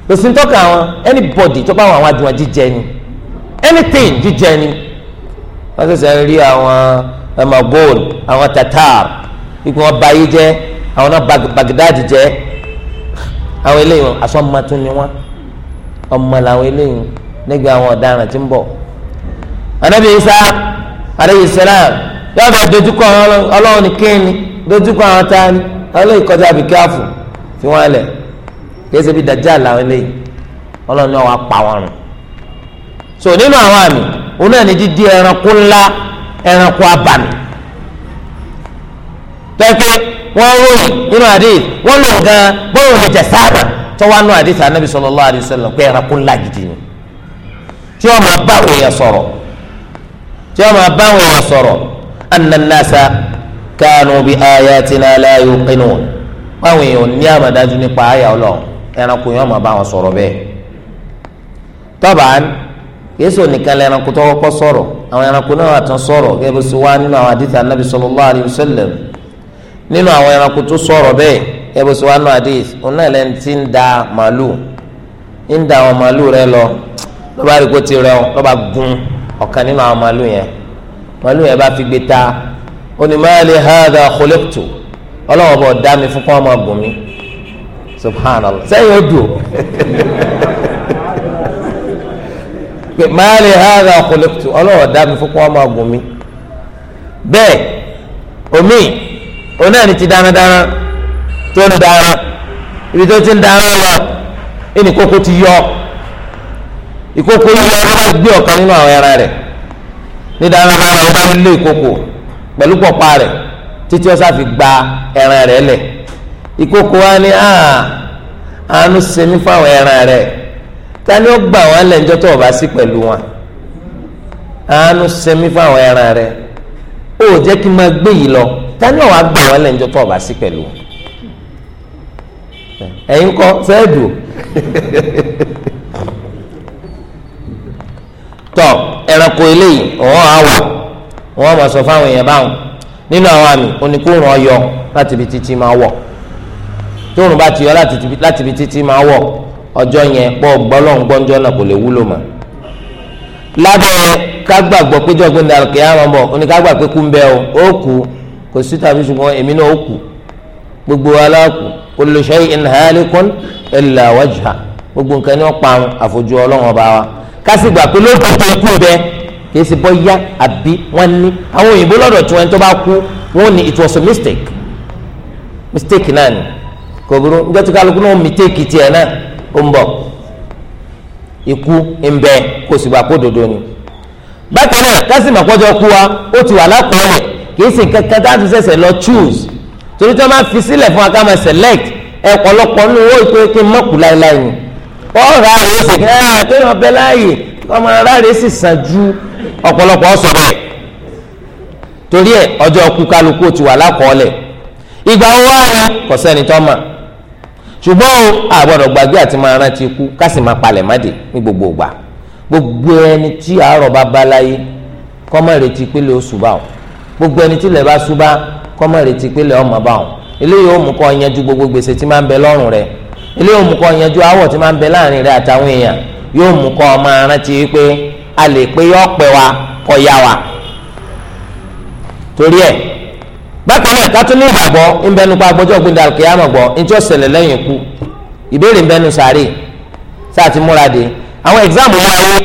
kò sí tọ́ka wọn anybody tó bá wọn àwọn adùn jíjẹ ni anything jíjẹ ni wọ́n ṣẹ̀ṣẹ̀ rí àwọn um, mogol àwọn tatar ikú wọn ba yìí jẹ́ àwọn náà Baghdad jẹ́ àwọn eléyìí aṣọ ọmọ tún ni wọn ọmọ làwọn eléyìí nígbà àwọn ọ̀daràn ti ń bọ̀ anabi isa aleyhi salam yóò bẹ dojúkọ ọlọ́run ní kéènì dojúkọ àwọn tani ọlọ́run kọjá bìkẹ́ àfọ̀ fi wọ́n lẹ̀ kèsì bí dajjal làwọn eléyìí ọlọ́run ni wọ́n á pa wọn rùn. so nínú àwọn àmì òun náà ní dídí ẹranko ńlá ẹranko abàmì pẹ́pẹ́ wọ́n ròyìn nínú àdéhìí wọ́n lò gan bóyá òun jẹ sáànà tó wá nù àdéhìí sànàbí sallallahu alaihi pé ẹranko ńlá gidi ni tí wọ́n máa bá òun yẹn sọ̀rọ̀ tí wọ́n máa bá òun yẹn sọ̀rọ̀ annanasa kanu bi ayatina la yuqinun báwọn èèyàn ní àmàdájú nípa àyà ọlọ́run ẹranko yẹn máa bá wọn sọ̀rọ̀ bẹ́ẹ̀ tọ́ba yéésù nìkan lẹ́ranko tó kọ́kọ́ sọ̀rọ̀ àwọn ẹranko náà wà tán sọ̀rọ̀ gẹ́gẹ́ bó ṣe wá nínú àwọn àdìsí anabi sallallahu alayhi wa sallam nínú àwọn ẹranko tó sọ̀rọ̀ bẹ́ẹ̀ gẹ́gẹ́ bó ṣe wá nínú àdìsí òun náà lẹ́ni ń da màálù ń da àwọn màálù rẹ lọ lọ́ba rí kó ti rẹun lọ́ba gun ọ̀kan nínú àwọn màálù yẹn màálù yẹn bá fi gbé ta onímọ̀ ẹ̀ hàdà khuliqtu ọlọ́wọ́ bọ̀ dá mi fún kọ́ ọmọ gùn mi subhanallah sẹ́yìn odò pé máa lè ha ara ọ̀kọ̀lẹ́kùtù ọlọ́wọ́ dá mi fún kó wọ́n máa gùn mí bẹ́ẹ̀ omi onáà ni ti dáradára tó ń dára ibi tó ti ń dára lọ ẹnì kókó ti yọ ìkókó yọ ọlọ́wọ́ gbé ọ̀kan nínú àwọn ẹran rẹ̀ ní dáradára ọba nílé ìkókó pẹ̀lú pọ̀pá rẹ̀ títí ọ̀sà fi gba ẹran rẹ̀ lẹ̀ ìkókó wa ni àánú sẹmi fáwọn ẹran rẹ tani ó gbà wọn tó o bá sí pẹ̀lú wọn àánú sẹmi fáwọn ẹran rẹ ó jẹ́ kí n máa gbé yìí lọ tani ni gbà wọn tó o bá sí pẹ̀lú wọn ẹ̀yin kọ́ fẹ́ẹ́ dùn tọ ẹranko eléyìí ọ̀hún àwọ̀ wọn máa sọ fáwọn èèyàn báwọn nínú àwọn àmì oníkóòrùn ọyọ láti ibi títí máa tóorùn bá ti yọ láti ibi títí máa wọ̀ ọjọ́ yẹn pọ̀ gbọ́lọ́ngbọ́njọ́ náà kò lè wúlò mọ́. lábẹ́ kágbàgbọ́ péjọ gbé ndàlù kí á máa kágbà pé kú ń bẹ o ó kú kò sí tàbí ṣùgbọ́n èmi náà ó kú gbogbo aláàkú kullu shay'in halikun illa gbogbo nǹkan ní wọ́n parun àfojú ọlọ́run ọba wa kásì gbà pé lóòótọ́ tó kú bẹ kì í sì bọ́ yá àbí wọ́n ní àwọn òyìnbó lọ́dọ̀ tí wọ́n tó bá kú wọ́n ní it was a mistake mistake náà ni kò burú níjọ́ kálukú náà mi tẹ́ kìtì ẹ̀ náà ó ń bọ̀ ikú ń bẹ kò sì wà kó dodo ni bákan náà kú wa ó ti wà sì kankan a lọ choose torí tí wọ́n máa fi sílẹ̀ fún wa ká máa select ẹ̀pọ̀lọpọ̀ nínú owó ìpè kí n láéláé ni ọ̀rọ̀ kí tó ah, yàn láàyè ọmọ sì sàn ju ọ̀pọ̀lọpọ̀ ọ̀sọ̀ bẹ́ẹ̀ ṣùgbọ́n o àgbọ̀dọ̀ gbàgbé àti máa rántí ikú ká gbogbo ìgbà gbogbo ẹni tí àárọ̀ bá bá láyé retí pé lè gbogbo ẹni tí ilẹ̀ bá ṣùbà kó retí pé lè ọmọ bá o eléyìí ó mú gbogbo gbèsè tí máa ń bẹ lọ́rùn rẹ eléyìí ó mú tí máa ń a lè pé wa bákan náà kátólì ìgbàgbọ́ ńbẹnu pa agbọ́jọ́ gbẹ̀dẹ̀ àlùkìyàmọ̀ gbọ́ ní tí ó ṣẹlẹ̀ lẹ́yìn ikú ìbéèrè ńbẹnu sáré sáà ti múra de àwọn ẹ̀gzáàmù wọn ayé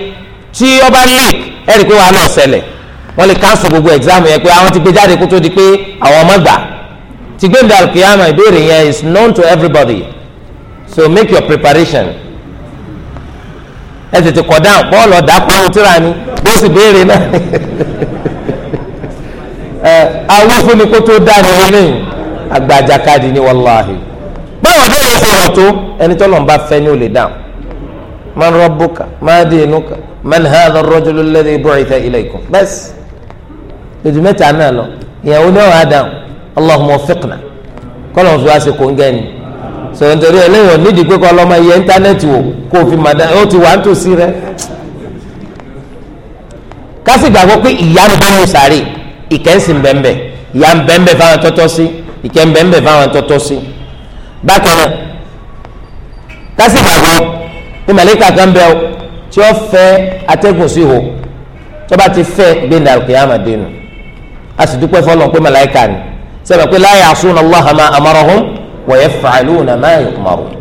tí ọba leak ẹ̀rì pé wàá lọ ṣẹlẹ̀ wọ́n lè káńsù gbogbo ẹ̀gzáàmù yẹn pé àwọn ti gbé jáde kó tó di pé àwọn ọmọ gbà ti gbẹ̀dẹ̀ àlùkìyàmọ̀ ìbéèrè yẹn is known to everybody so make your preparation ẹ tètè kọ̀ dáhùn bọ́ọ̀lù ọ̀dà kúrò tíra ni bó sì béèrè náà ẹ awé fún ni kó tó dá ni wọlé agbadjakadi ni wàláhi báwo bẹ́ẹ̀ ló ṣe rọ̀ tó ẹni tó lọ́nba fẹ́ ni ó lè dáhùn man rabbuka ma dinuka man hadha ar-rajulu alladhi bu'itha ilaykum bẹ́ẹ̀s lójú mẹ́ta náà lọ ìyàwó náà wà dáhùn allahumma waffiqna kọ́lọ̀ fún wa ṣe kó ń gẹ́ni sọ̀rọ̀ nítorí ẹlẹ́yìn onídìí pé kọ́ lọ́mọ iye íńtánẹ́ẹ̀tì wò kó o fi mà dá o ti wà nítòsí rẹ kásìgbàgbọ́ pé ìyá ń bá mi sàárè ìkẹ́sìn bẹ́ẹ̀nbẹ́ ìyà bẹ́ẹ̀nbẹ́ fáwọn tọ́tọ́ sí ìkẹ́ bẹ́ẹ̀nbẹ́ fáwọn tọ́tọ́ sí. bákan náà kásì gbàgbọ́ pé màlẹ́kà kan bẹ́ ọ tí ó fẹ́ atẹ́gùn sí ihò tó bá ti fẹ́ gbẹ̀ndà kìyàmà dénú a sì dúpẹ́ fọlọ́ pé màlẹ́kà ni sẹ́mi pé la ya'suna Allaha ma amarahum wa yaf'aluna ma yu'marun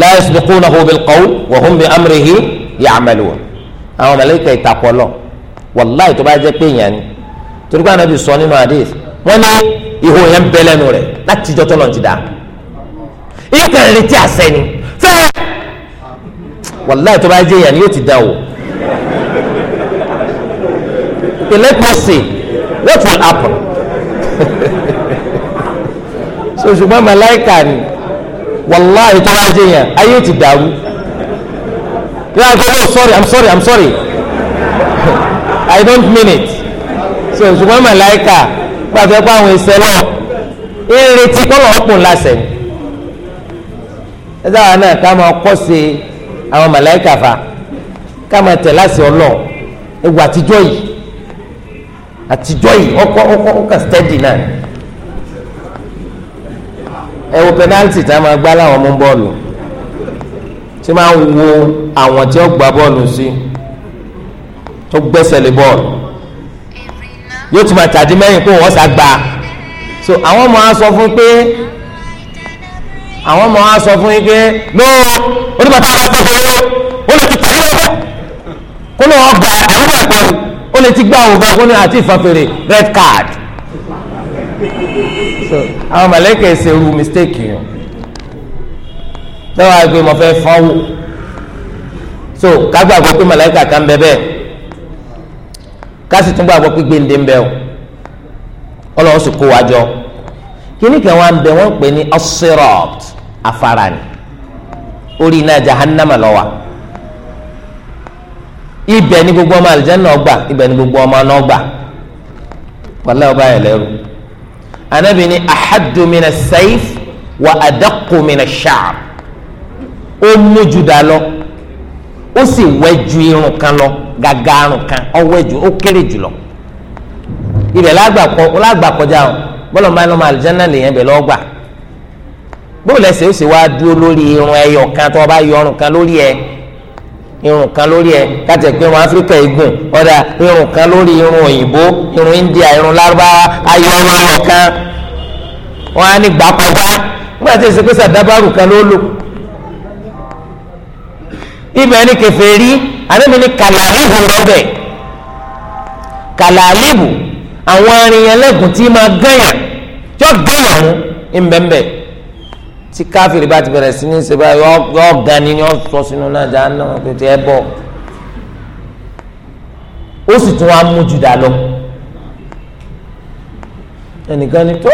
la yasbiqunahu bil qawl wa hum bi amrihi àwọn màlẹ́kà ìtakọ̀ wàláì tó bá jẹ́ pé èèyàn ni torí pé anabi sọ nínú hadith wọn ní ihò yẹn bẹ lẹ́nu rẹ̀ láti ìjọ tọlọ ti dà ìkàn retí àṣẹ ni fẹ wàláì tó bá jẹ́ èèyàn ni yóò ti dà o electricity what will happen so ṣùgbọ́n màláìkà ni wàláì tó bá jẹ́ èèyàn ayé ti dàrú yóò àgbẹ̀ yóò sorry i'm sorry i'm sorry i don't mean it so ṣùgbọ́n màláìka gbàgbé pé àwọn ẹsẹ̀ náà ń retí kọ́lọ̀ ọ̀pùn lásẹ̀ ni ẹ dáhà náà ká máa kọ́ sí àwọn màláìka fa ká máa tẹ̀ láti ọlọ́ ewu àtijọ́ yìí àtijọ́ yìí ọkọ ọkọ ọkọ stẹ́dì náà ẹ wo pẹnáltì tá a máa gbá láwọn mú bọ́ọ̀lù tí máa ń wo àwọn tí ó gba bọ́ọ̀lù sí. Si tó gbẹ́sẹ̀ lé bọ́ọ̀lù yóò tún máa tàdí mẹ́yìn kó wọ́n sá gbà so àwọn ọmọ wa sọ fún pé àwọn ọmọ wa sọ fún yín pé no oníbàtà àwọn ọmọ tó yẹ ó lè ti tàdí lọ́wọ́ kó ló wọ́n gba àwọn ọmọ ẹ̀kọ́ ó lè ti gbà òun gan kó ní àti ìfọ̀fẹ̀rẹ̀ red card so àwọn mọ̀lẹ́kẹ̀ ṣe irú mistake yìí lọ́wọ́ àgbẹ̀ mọ̀ fẹ́ fọ́wọ́ so kágbàgbọ́ pé mọ̀lẹ́kà kan bẹ bẹ́ẹ̀ kásì tún gbàgbọ́ pé gbéǹde ń bẹ o ọlọ́wọ́ sì kó wa jọ kíní kan wá ń bẹ wọ́n pè ní as-sirat afárá ni orí iná jahannama ló wà ibẹ̀ ni gbogbo ọmọ àlùjánnà ọgbà ibẹ̀ ni gbogbo ọmọ náà gbà wàlẹ́ ọba yẹn lẹ́rù anabi ni ahaddu mina wa adaqqu mina ó mójú da lọ ó sì wẹ́ ju irun kan lọ gàgàrùn kan ọwọ́ ẹ̀jú o kéré jùlọ ibẹ̀ lágbà kọjá o bọ́lọ̀ máa ń lọ́mọ àlùjáná lèyàn bẹ̀ lọ́gbà bóòlù ẹsẹ̀ ó sì wá dúró lórí irun ẹyọ kan tó o bá yọ ọrùn kan lórí ẹ irun kan lórí ẹ káti ẹ pé irun áfíríkà igun ọ̀dà irun kan lórí irun òyìnbó irun india irun lárúbáwá ayọ ọrùn ẹyọ kan wọn á ní gbà kọjá nígbà tí èsì pèsè àdábàrù kan ló lò ibẹ̀ ni kẹfẹ́ rí ànábi ni kàlàlíbù lọ́bẹ̀ kàlàlíbù àwọn arìnrìn ẹlẹ́gùn tí máa gẹ̀yàn tí ó gẹ̀yàn mú ńbẹ́ńbẹ́ tí káfíìrì bá ti bẹ̀rẹ̀ sí ní ṣe báyìí ọ̀gá ni yóò sọ sínú náà já náà tó ti ẹ̀ bọ̀ ó sì tún wá mú jù lọ ẹnìkan ni tó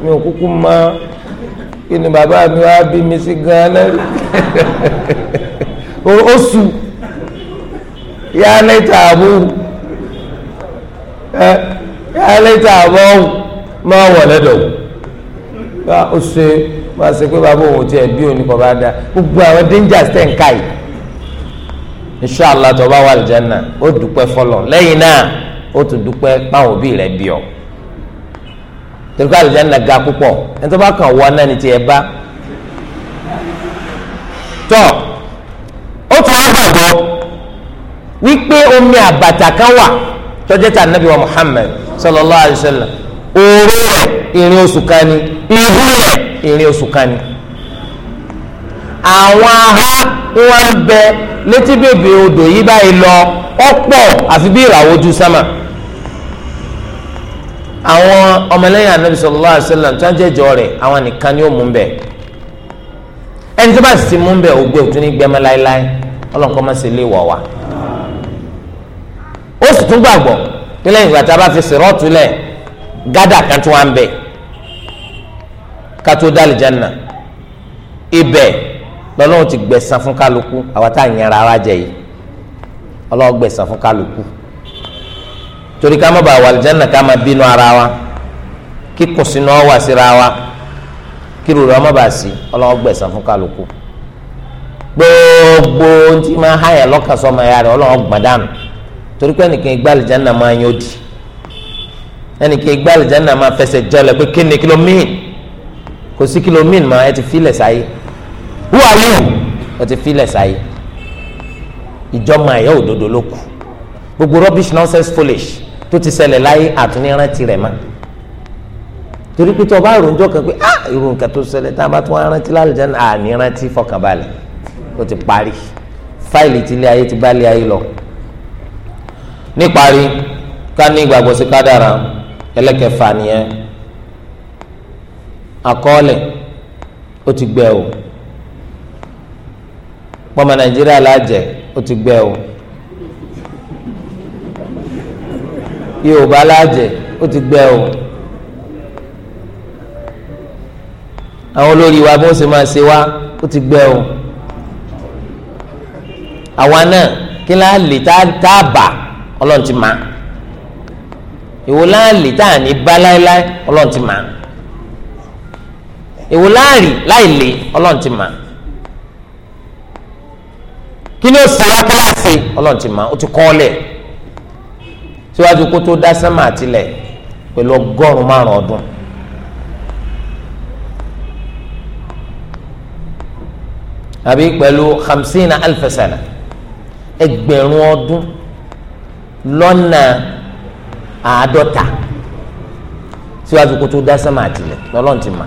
mi ò kúkú mọ kí ni bàbá mi wá bí mi sí gan-an oṣù ya lẹ́tà ya leta abụ máa wọ̀ lẹ́dọ̀ o ṣe máa ṣe pé bàbá òun tiẹ̀ bí òun kọ́ gbogbo àwọn dangers tẹ̀ ń ká yìí inṣàlá tó bá wà náà tún ga púpọ̀ ẹni tó bá kàn náà ni wípé omi àbàtà kan wà tọ́jú ta nabi wa Muhammad sallallahu alayhi wa sallam òru rẹ̀ ìrìn oṣù kan ni ìhú rẹ̀ ìrìn oṣù kan ni àwọn wọn lọ àfi bí ojú sámà àwọn ọmọlẹ́yìn anabi sallallahu alayhi wa sallam tó ń rẹ̀ àwọn nìkan ni ó mú bẹ̀ ẹni tó bá sì mú ó sì tún gbàgbọ́ pé lẹ́yìn ìgbà tá a bá fi sèrọ́ọ̀tù lẹ̀ gádà kan tó ń bẹ̀ ká tó ibẹ̀ ti gbẹ̀san fún kálukú tá a ara jẹ yìí ọlọ́run gbẹ̀san fún kálukú torí ká má bàa wà ká má bínú ara wa kíkùn sínú ọ̀wà síra wa kírò rẹ ọmọ bá sí fún kálukú gbogbo ohun tí máa háyà lọ́kàn sọmọ ẹ̀yà torí pé ẹnìkan igbá àlìjáná máa yan òdì ẹnìkan igbá àlìjáná máa fẹsẹ̀ jọlẹ̀ pé kí ni kìlómìn kò sí kìlómìn máa ẹ ti filẹ̀ sáyé who are you ẹ ti filẹ̀ sáyé ìjọba ẹ̀yà òdodo ló kù gbogbo rubbish nonsense foolish tó ti ṣẹlẹ̀ láyé àtúnyẹrántí rẹ̀ máa torí pé tó o bá ròjọ́ kan pé ah irú nǹkan tó ṣẹlẹ̀ tá a bá tún arántí lálùjáná àní rántí fọkànbalẹ̀ ó ti parí fáìlì tilé ayé ti bá lé ayé lọ níparí ká ní ìgbàgbọ́ sí kádàrá ẹlẹ́kẹfà nìyẹn àkọọ́lẹ̀ ó ti gbẹ o pọ́nmọ nàìjíríà lájẹ ó ti gbẹ o yorùbá lájẹ ó ti gbẹ o àwọn olórí wa bó ṣe máa ṣe wá ó ti gbẹ o àwa náà kí láà lè tá a bà ọlọ́run ti mà á ìwò láàlì tá à ní bá láéláé ọlọ́run ti mà á ìwò láàlì láìlè ọlọ́run ti mà á kí ni ó sara kíláàsì ọlọ́run ti mà ó ti kọ́ lẹ̀ síwájú kó tó dá sánmà àtìlẹ̀ pẹ̀lú ọgọ́rùn márùn ọdún. àbí pẹ̀lú hamsina alfasana ẹgbẹ̀rún ọdún lọ́nà àádọ́ta síwájú kó tó dá sánmà àtìlẹ̀ lọ́lọ́run ti mà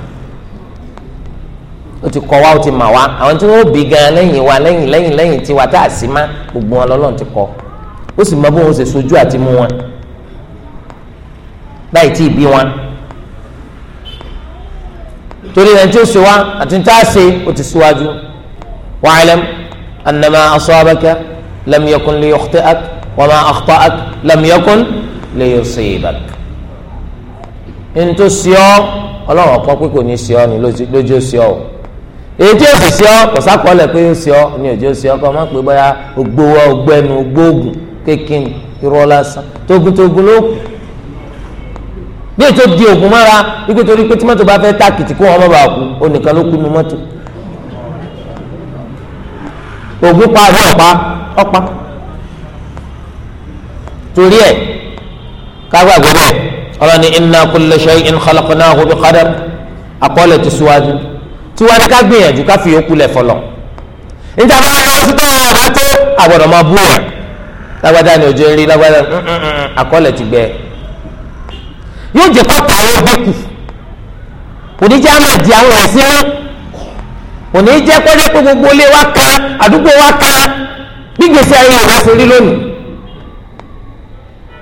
ó ti kọ́ wa ó ti mà wa àwọn tí wọ́n bí gan lẹ́yìn wa lẹ́yìn lẹ́yìn lẹ́yìn tiwa tá a sì má gbogbo wọn lọ́lọ́run ti kọ́ ó sì mọ bí wọ́n ṣe sojú àti mú wọn báyìí tí ì wọn torí ẹni tí ó ṣe wá àti ní a ṣe ó ti síwájú wa'lam annama asabaka lam yakun liyukhti'ak wa ma akhta'ak lam yakun liyusibak ntò sí ọ ọlọ́run ọ̀pọ̀ pé kò ní sí ọ ní lójú sí ọ èdè òsì sí ọ kò sákọọlẹ pé ó sí ọ ní òjò sí ọ kọ má pé bóyá ògbówó ọgbẹnu ògbóògùn kékin irọ́ lásán togutogun ló kù bí ètò di ògùn mára ikú torí pé tímọ́tò bá fẹ́ tákìtì kó wọn má bàa kú onìkan ló kú nu mọ́tò ògùn pa àbí ọ̀pá ọ̀pá torí ẹ̀ kágbàgbọ́ bẹ́ẹ̀ ọlọ́ni inna kulla shay'in khalaqnahu bi qadar àkọọ́lẹ̀ ti síwájú tiwájú ká gbìyànjú ká fi yókù lẹ̀ fọlọ́ níta bá wọn lọ sí tó wọn bá tó àgbọ̀dọ̀ máa bú wọn lágbádá ni òjò eré lágbádá àkọọ́lẹ̀ ti gbẹ yóò jẹ pápá àwọn bẹ́kù oníjà máa di àwọn ẹ̀sìn rán òní jẹ́ pẹ́ẹ́rẹ́ pé gbogbo ilé wa kan àdúgbò wa kan gbígbèsè ayé ìwà ṣe lónìí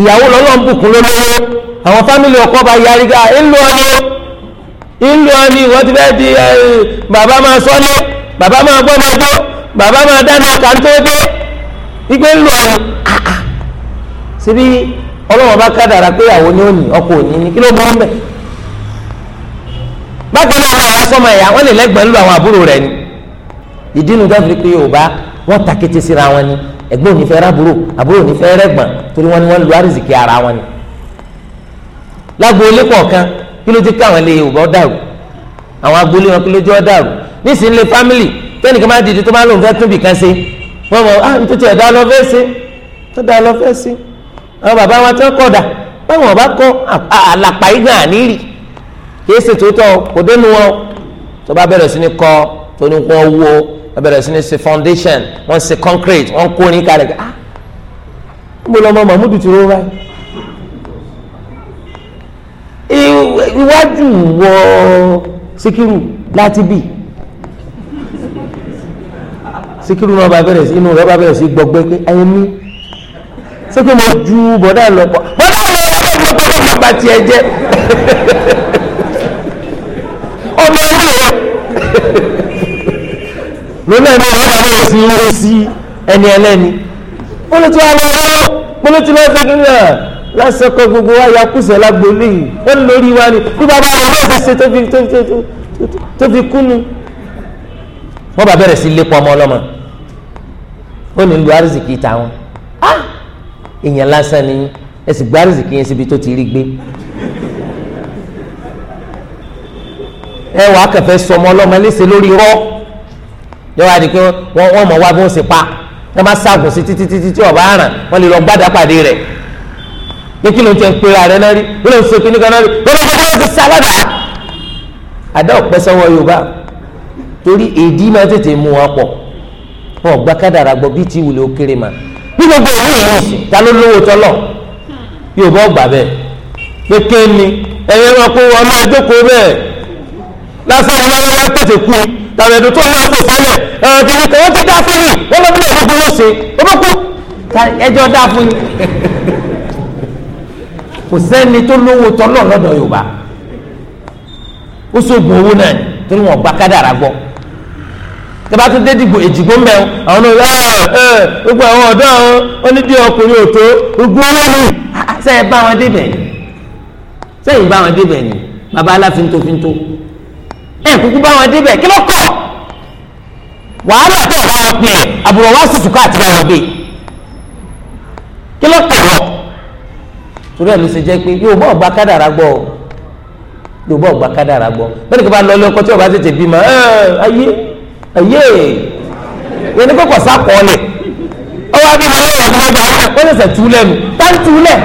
ìyàwó lọ́lọ́ ń bùkún lólówó àwọn fámìlì ọkọ bá yarí gá ńlọ ni ńlọ ni wọ́n ti fẹ́ di bàbá máa sọ́lé bàbá máa gbọ́ máa gbọ́ bàbá máa dáná kàńtóódé igbe ńlọ ni ah, ah. síbi ọlọ́wọ́n bá kádàrà pé ìyàwó ni ó ní ọkọ òní ni kí ló mọ́ ń bẹ̀. bákan náà àwọn àwọn sọmọ ẹ̀yà wọ́n lè lẹ́gbẹ̀ẹ́ ńlọ àwọn àbúrò rẹ̀ ni ìdí ẹ̀gbọ́n ò ní fẹ́ rábúrò àbúrò ò ní fẹ́ rẹ́gbọ̀n torí wọ́n ní wọ́n lu àrísìkí ara wọn ni. lágbo ilé kọ̀ọ̀kan kí ló ti káwọn ilé Yorùbá dàrú àwọn agboolé wọn kí ló jẹ́ dàrú nísìnyí fámìlì tẹ́nìkan máa dìde tó máa lòun fẹ́ tún bìkan ṣe wọ́n mọ̀ ah nítorí ẹ̀dá lọ fẹ́ ṣe tó dáa lọ fẹ́ ṣe àwọn bàbá wa tán kọ̀ dà báwọn ọba bá kọ́ torí wọ́n wo abẹ́rẹ́ sí ni ṣe foundation wọ́n ṣe concrete wọ́n kó ní kárẹ̀ ká mo lọ mọ mahmood ti rọra iwájú wọ síkírù láti bì síkírù náà bá bẹ̀rẹ̀ sí inú rẹ̀ bá bẹ̀rẹ̀ sí gbọgbẹ́ pé ẹ̀yin mi sókè mo ju bọ̀dá lọ bọ̀ bọ̀dá lọ bọ̀ bọ̀ bọ̀ bọ̀ bá tiẹ̀ jẹ́ ọmọ ẹ̀rọ rẹ̀ lórí ẹni wọn wà lórí sí lórí sí ẹni ẹlẹ́ni wọn ti wà lọ́wọ́ wọn ti lọ́ọ́ fẹ́ kíni náà lásìkò gbogbo wa ya kùsẹ̀ lágbólé yìí wọn lórí wa ni bí bàbá rẹ yóò fi ṣe tó fi kúnu wọn bá bẹ̀rẹ̀ sí lépa ọmọ ọlọ́mọ ó ní lu arzikì táwọn èèyàn lásán ni ẹ sì gba arzikì yẹn síbi tó ti rí gbé ẹ wàá kẹfẹ sọmọ ọlọ́mọ ẹlẹ́sẹ̀ lórí yóò wá di pé bụ wọ́n wá pa wọ́n bá ságùn sí títí títí tí ọ̀bá àràn wọ́n lè lọ gbádà pàdé rẹ̀ pé kí ló ń tẹ́ ń pera rẹ̀ náà rí kí ló ń so kíní kan náà rí kí ti àdá Yorùbá torí èdè máa tètè mú wọn pọ̀ wọn gba kádàrà gbọ́ bíi ti wùlé bí gbogbo ìlú yìí ta ló lówó tọ́lọ̀ tàbẹ̀dù tó ní ọkọ̀ ìsàlẹ̀ ẹ̀rọ tèmi kò wọ́n ti dá fún yìí wọ́n lọ́dún lọ́dún gbogbo ṣe ó bá kú ẹjọ́ dá fún yìí. kò sẹ́ni tó lówó tọ́lọ̀ lọ́dọ̀ Yorùbá ó sóògùn owó náà torí wọn gba kádàrá gbọ́ tẹ́bá tún dé dìgbò èjìgbó mẹ́ o àwọn ọ̀nà ẹ ẹ gbogbo àwọn ọ̀dọ́ àwọn onídìí ọkùnrin òtó gbogbo wọn ni sẹ́yìn bá wọn débẹ̀ ni sẹ́yìn bá wọn débẹ̀ ni baba aláfintófintó ẹ kúkú bá wọn débẹ̀ kí ló kọ̀ wàhálà tó ọ̀rọ̀ wọn pin ẹ̀ àbúrò wa sì tùkọ́ àti báwọn bẹ́ẹ̀ kí ló kọ̀ wọ́n torí ẹ̀ ló ṣe jẹ́ pé yóò bọ́ ọ̀gbá kádàrá gbọ́ yóò bọ́ ọ̀gbá kádàrá gbọ́ bẹ́ẹ̀ ni kí bá lọ ilé ọkọ tí ọba tètè bímọ ẹ ayé ayé yẹn ní kókò sákọọlẹ̀ ọwọ́ abíyá lọ́wọ́ ọ̀gbọ́n gbà wọ́n lè sẹ̀ túlẹ̀ nù tá ń túlẹ̀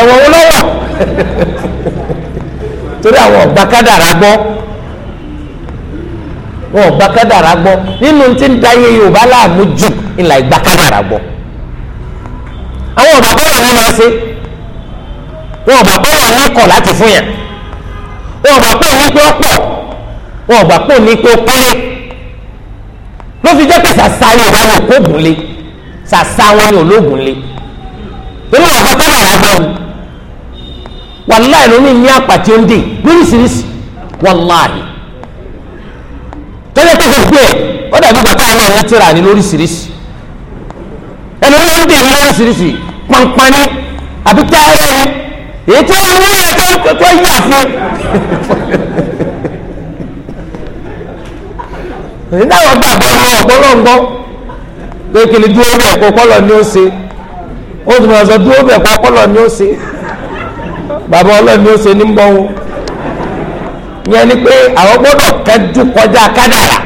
ẹ̀wọ̀n wọn lọ́wọ́ torí àwọn ọ̀gbá kádàrá gbọ́ wọn ò gba kádàrá gbọ́ nínú tí ń da iye yorùbá láàmú jù ńlá ìgbà kádàrá gbọ́ àwọn ọ̀bà kọ́ làwọn máa ṣe wọn ọ̀bà kọ́ làwọn ẹ̀kọ́ láti fún yàn wọn ọ̀bà kọ́ ní pé ó pọ̀ wọn ọ̀bà kọ́ ní pé ó péré ló fi jẹ́ pé sàṣà yorùbá wọn kò gùn lé sàṣà wọn ni ológun lé torí wọn ọ̀bà kọ́ làwọn máa wàláì lómi ní àpàtì ó ń dè lóríṣiríṣi wàláì. tọ́jà tó gbogbo ẹ̀ ó dàbí bàtà náà ní tíra ní lóríṣiríṣi ẹni wọn ń dè ní lóríṣiríṣi pọnpọnì àbí táyà ẹ èyí tí wọn ní ẹ̀ka tó yà fún èyí náà wọn gbàgbọ́ ọmọ ọ̀pọ̀lọ́ngbọ́ pé kí ni ni ó se ó tún bọ̀ sọ ni ó se bàbá ni ó se ní bọ́ yẹn ni pé àwọn gbọ́dọ̀ kánjú kọjá kádàrà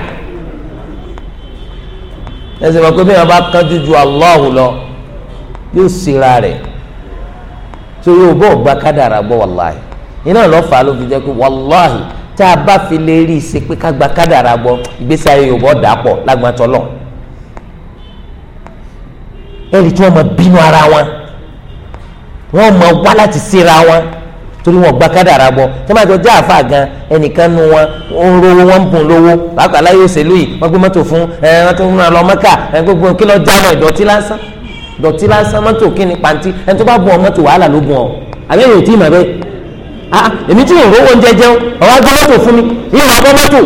pé bí wọn bá ju Allahu lọ yóò síra rẹ tó yóò gba kádàrà gbọ́ wàláhì iná lọ́ fà á ló fi jẹ́ pé wàláhì tá a bá fi gba kádàrà gbọ́ ìgbésí ayé yóò dà lọ tí torí wọn gba kádàrà bọ tí wọn bá jọ já àfa gan ẹnìkan nu wọn ń rówó wọn ń bùn lówó pàápàá láyé òṣèlú yìí wọn gbé mọ́tò fún ẹ wọn tó ń ràn lọ mọ́kà ẹ gbogbo kí lọ já lọ ìdọ̀tí lásán ìdọ̀tí lásán mọ́tò kí ni pàǹtí ẹ tó bá bùn ọ mọ́tò wàhálà ló bùn ọ àbí èyí ò tí ì mà bẹ́ẹ̀ ah, ah èmi tí yòówó oúnjẹ jẹun ọwọ́ agbọ́ mọ́tò fún mi yìí wọ́n mọ́tò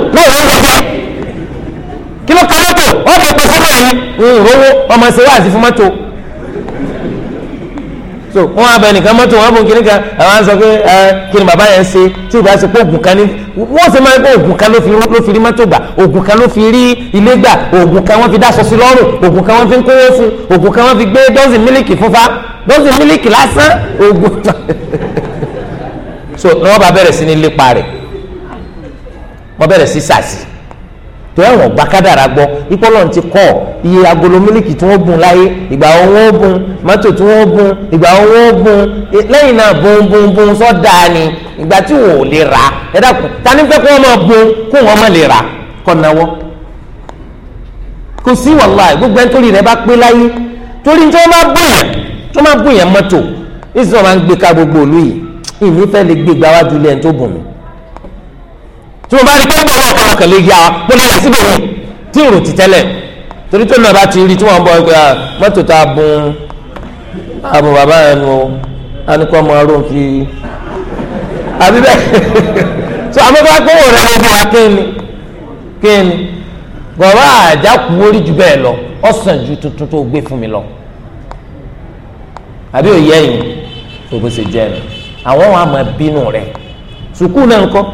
lọ́wọ́ so wọn abẹ nìkan mọtò wọn abùn kìnìkan àwọn sọ pé ẹ kìnìún bàbá yẹn ṣe tí ìgbà sọ pé oògùn kan ní wọn sì máa ń pẹ oògùn kan ló fi rí mọtò gbà oògùn kan ló fi rí ilé gbà oògùn kan wọn fi dáṣọ sí lọ́rùn oògùn kan wọn fi ń kówó fún oògùn kan wọn fi gbé dọ́sìn mílíkì fúnfa dọ́sìn mílíkì lásán oògùn so ni wọn bá bẹ̀rẹ̀ sí ní lépa rẹ̀ wọn bẹ̀rẹ̀ sí sàṣì tó ẹ̀wọ̀n gba kádàrà gbọ́ ìpọ́lọ̀ ti kọ́ iye agolo mílíkì tí wọ́n bùn láyé ìgbà wọn wọ́n bùn mọ́tò tí wọ́n bùn ìgbà wọn wọ́n bùn lẹ́yìn náà bùn bùn bùn sọ́dà ni ìgbà tí wọ́n ò lè rà ẹ dákun tani fẹ́ kó máa bùn kó lè rà kọ́ náwọ́. kò sí gbogbo ẹni rẹ bá pé láyé torí tí bùn yẹn tí tí mo bá rí pé ń bọ̀ wọ́n kọ́ ọkàn lè yá mo lè yà síbẹ̀ yẹn tí n rò ti tẹ́lẹ̀ torí tó náà bá ti rí tí wọ́n bọ̀ pé mọ́tò tá a bùn a bùn bàbá yẹn nu a ní kó ọmọ ọrùn fi àbí bẹ́ẹ̀ so àbúrò pé wò rẹ̀ wọ́n wá kéènì kéènì bàbá àjàkú orí ju bẹ́ẹ̀ lọ ọ̀sán ju tuntun tó gbé fún mi lọ àbí òye ẹ̀yìn tó bó ṣe jẹ́ ẹ̀ àwọn àwọn àmọ́ bínú rẹ̀ sùkúù náà ń kọ́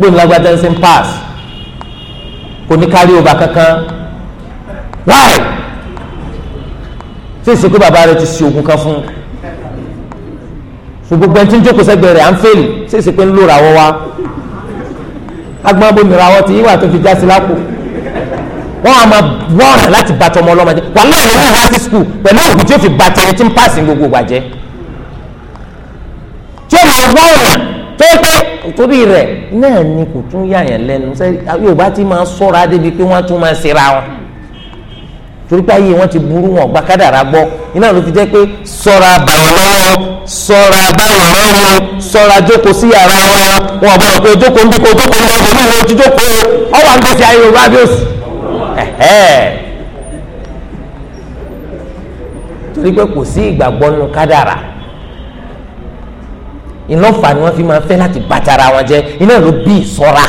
gbóhùn lágbájá ṣe ń pass kò ní kárí ọba kankan why ṣé ìṣèkú bàbá rẹ ti ṣe oògùn kan fún un gbogbo ẹni tí ń jókòó sẹ́gbẹ̀ẹ́ rẹ̀ à ń fèlì ṣé ìṣèkú ń lòrà wọ́n wá agbọ́n bomi ra wọ́n ti yíwà tó fi já sí lápò wọ́n á máa wọ́ọ̀nà láti bàtà ọmọ ọlọ́mọdé wà láàyè wọ́n wá sí skul pẹ̀lú òògùn tí ó fi bàtà ẹni tí ń pàṣẹ gbogbo gbàjẹ́ tí ó máa wọ́ọ̀nà pẹ́pẹ́ torí rẹ náà ni kò tún yàyàn lẹ́nu sẹ́ yorùbá ti máa sọ́ra débi pé wọn tún máa ṣera wọn torí pé ayé wọn ti burú wọn gba kádàrá gbọ́ iná ló fi jẹ́ pé sọ́ra bàyàn lọ́wọ́ sọ́ra báyàn lọ́wọ́ sọ́ra jókòó sí yàrá wọn wọn pé jókòó níbi kò jókòó níbi ọ̀dọ́ ojú jókòó ayé yorùbá torí pé ìlọ́fà ni wọ́n fi máa fẹ́ láti bàtàrà wọn jẹ́ iná ló bí ìṣọ́ra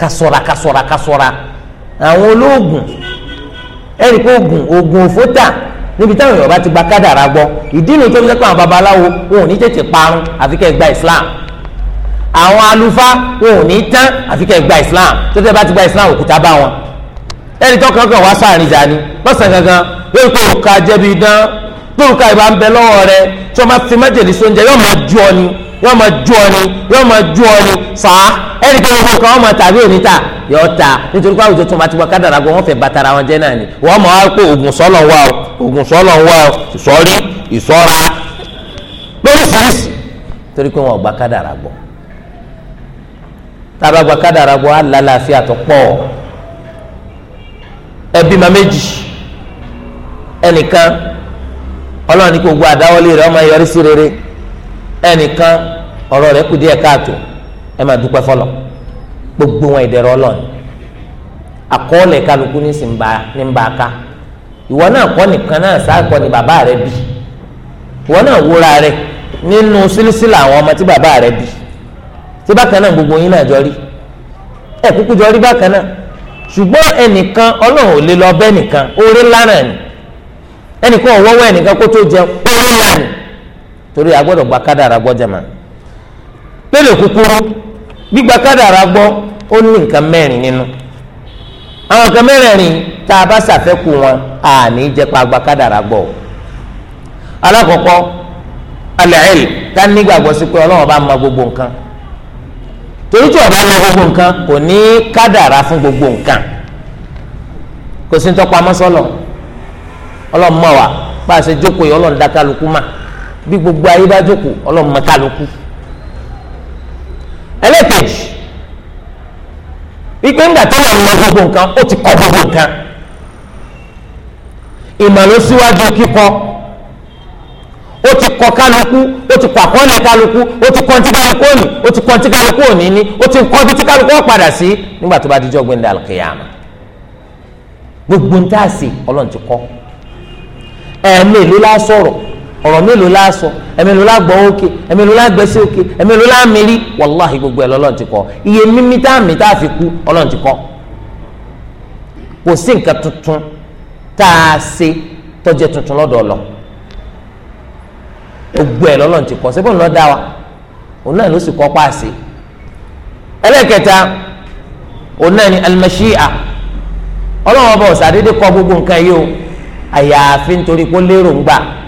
ká ṣọ́ra ká ṣọ́ra ká ṣọ́ra àwọn olóògùn ẹ̀rí pé oògùn oògùn òfótà níbi táwọn Yorùbá ti gba kádàrá gbọ́ ìdí nu tó ń sẹ́kọ̀ àwọn babaláwo wọn ò ní tètè parun àfi kẹ́ ẹ gba Islam àwọn àlùfáà wọn ò ní tán àfi kẹ́ ẹ gba Islam tó tẹ́ bá ti gba Islam òkúta bá wọn ẹni tó kankan wá sáàrin jà ni lọ́sàn gangan yóò kó òkà jẹ́bi dán kó òkà ìbá ń bẹ lọ́wọ́ rẹ tí wọ́n máa fi májèlé sóúnjẹ yóò máa ju ni yóò máa ju ọ ni yóò máa ju ọ ni fà á ẹnì kan gbogbo kan wọn máa tàbí òní ta yọ ta nítorí pé àwùjọ tó máa ti wọ kádàrà gbọ wọn fẹ́ bàtàrà wọn jẹ náà ni wọn máa wá pé oògùn sọlọ wà o oògùn sọlọ wà o ìsọrí ìsọra lóríṣiríṣi torí pé wọn ò gba kádàrà gbọ tába gba kádàrà gbọ á lálàáfíà tó pọ̀ ẹbí ma méjì ẹnìkan ọlọ́run ní kò gbọ́ àdáwọ́lé rẹ̀ ọmọ yọrí sí rere. ẹnìkan ọ̀rọ̀ rẹ̀ kù díẹ̀ káàtó ẹ máa dúpẹ́ fọlọ́ gbogbo wọn ìdẹ̀rọ̀ ọlọ́ọ̀ni àkọọ́lẹ̀ kálukú ní ní ká ìwọ náà kọ́ nìkan náà sáàkọ́ ni bàbá rẹ bi ìwọ náà wúra rẹ nínú sílísílà àwọn ọmọ tí bàbá rẹ tí bákan náà gbogbo yín náà jọ rí ẹ kúkú jọ rí bákan náà ṣùgbọ́n ẹnìkan ọlọ́run ò lè lọ bẹ́ẹ̀ nìkan ni ẹnìkan ò wọ́wọ́ ni torí agbọdọ gba kádàrà gbọ́ jama lórí kúkúrú gbígba kádàrà gbọ́ ó ní nǹkan mẹ́rin nínú àwọn nǹkan mẹ́rẹ̀ẹ̀rin tá a bá ṣàfẹ́kù wọn à ní jẹ́ pa gba kádàrà gbọ́ o alákọ̀ọ́kọ́ alẹ́ẹ̀lì ká nígbàgbọ́ sí pé ọlọ́run gbogbo nǹkan torí ọba gbogbo nǹkan kò ní kádàrà gbogbo nǹkan kò sí bí gbogbo ayé bá jókòó ọlọ́run mọ kálukú ẹlẹ́kẹ̀jì wípé ńgbà tó lọ gbogbo nǹkan ó ti kọ gbogbo nǹkan ìmọ̀ ló ó ti kọ kálukú ó ti kọ àkọọ́lẹ̀ kálukú ó ti kọ ti kálukú òní ó ti kọ ti kálukú òní ní ó ti ti kálukú padà sí nígbà gbogbo ń tà sí ọlọ́run ti ẹ̀ẹ́mẹ́lú ọ̀rọ̀ mélòó la sọ ẹ̀mélòó la gbọ́ òkè ẹ̀mélòó la gbẹ́sẹ̀ òkè ẹ̀mélòó la mérí wàláhì gbogbo ẹ̀ lọ́lọ́run ti kọ́ iye mímí tá a mí tá a fi kú ọlọ́run ti kọ́ kò sí nǹkan tuntun tá a ṣe tó jẹ́ tuntun lọ́dọ̀ ọlọ gbogbo ẹ̀ lọ́lọ́run ti kọ́ sẹ́bọ̀n lọ́ọ́ wa òun náà ló sì kọ́ páàsì ẹlẹ́kẹta òun náà ni alimẹ́ṣíà ọlọ́run ọba ọ̀sà dédé kọ́ gbogbo nǹkan yìí o àyàfi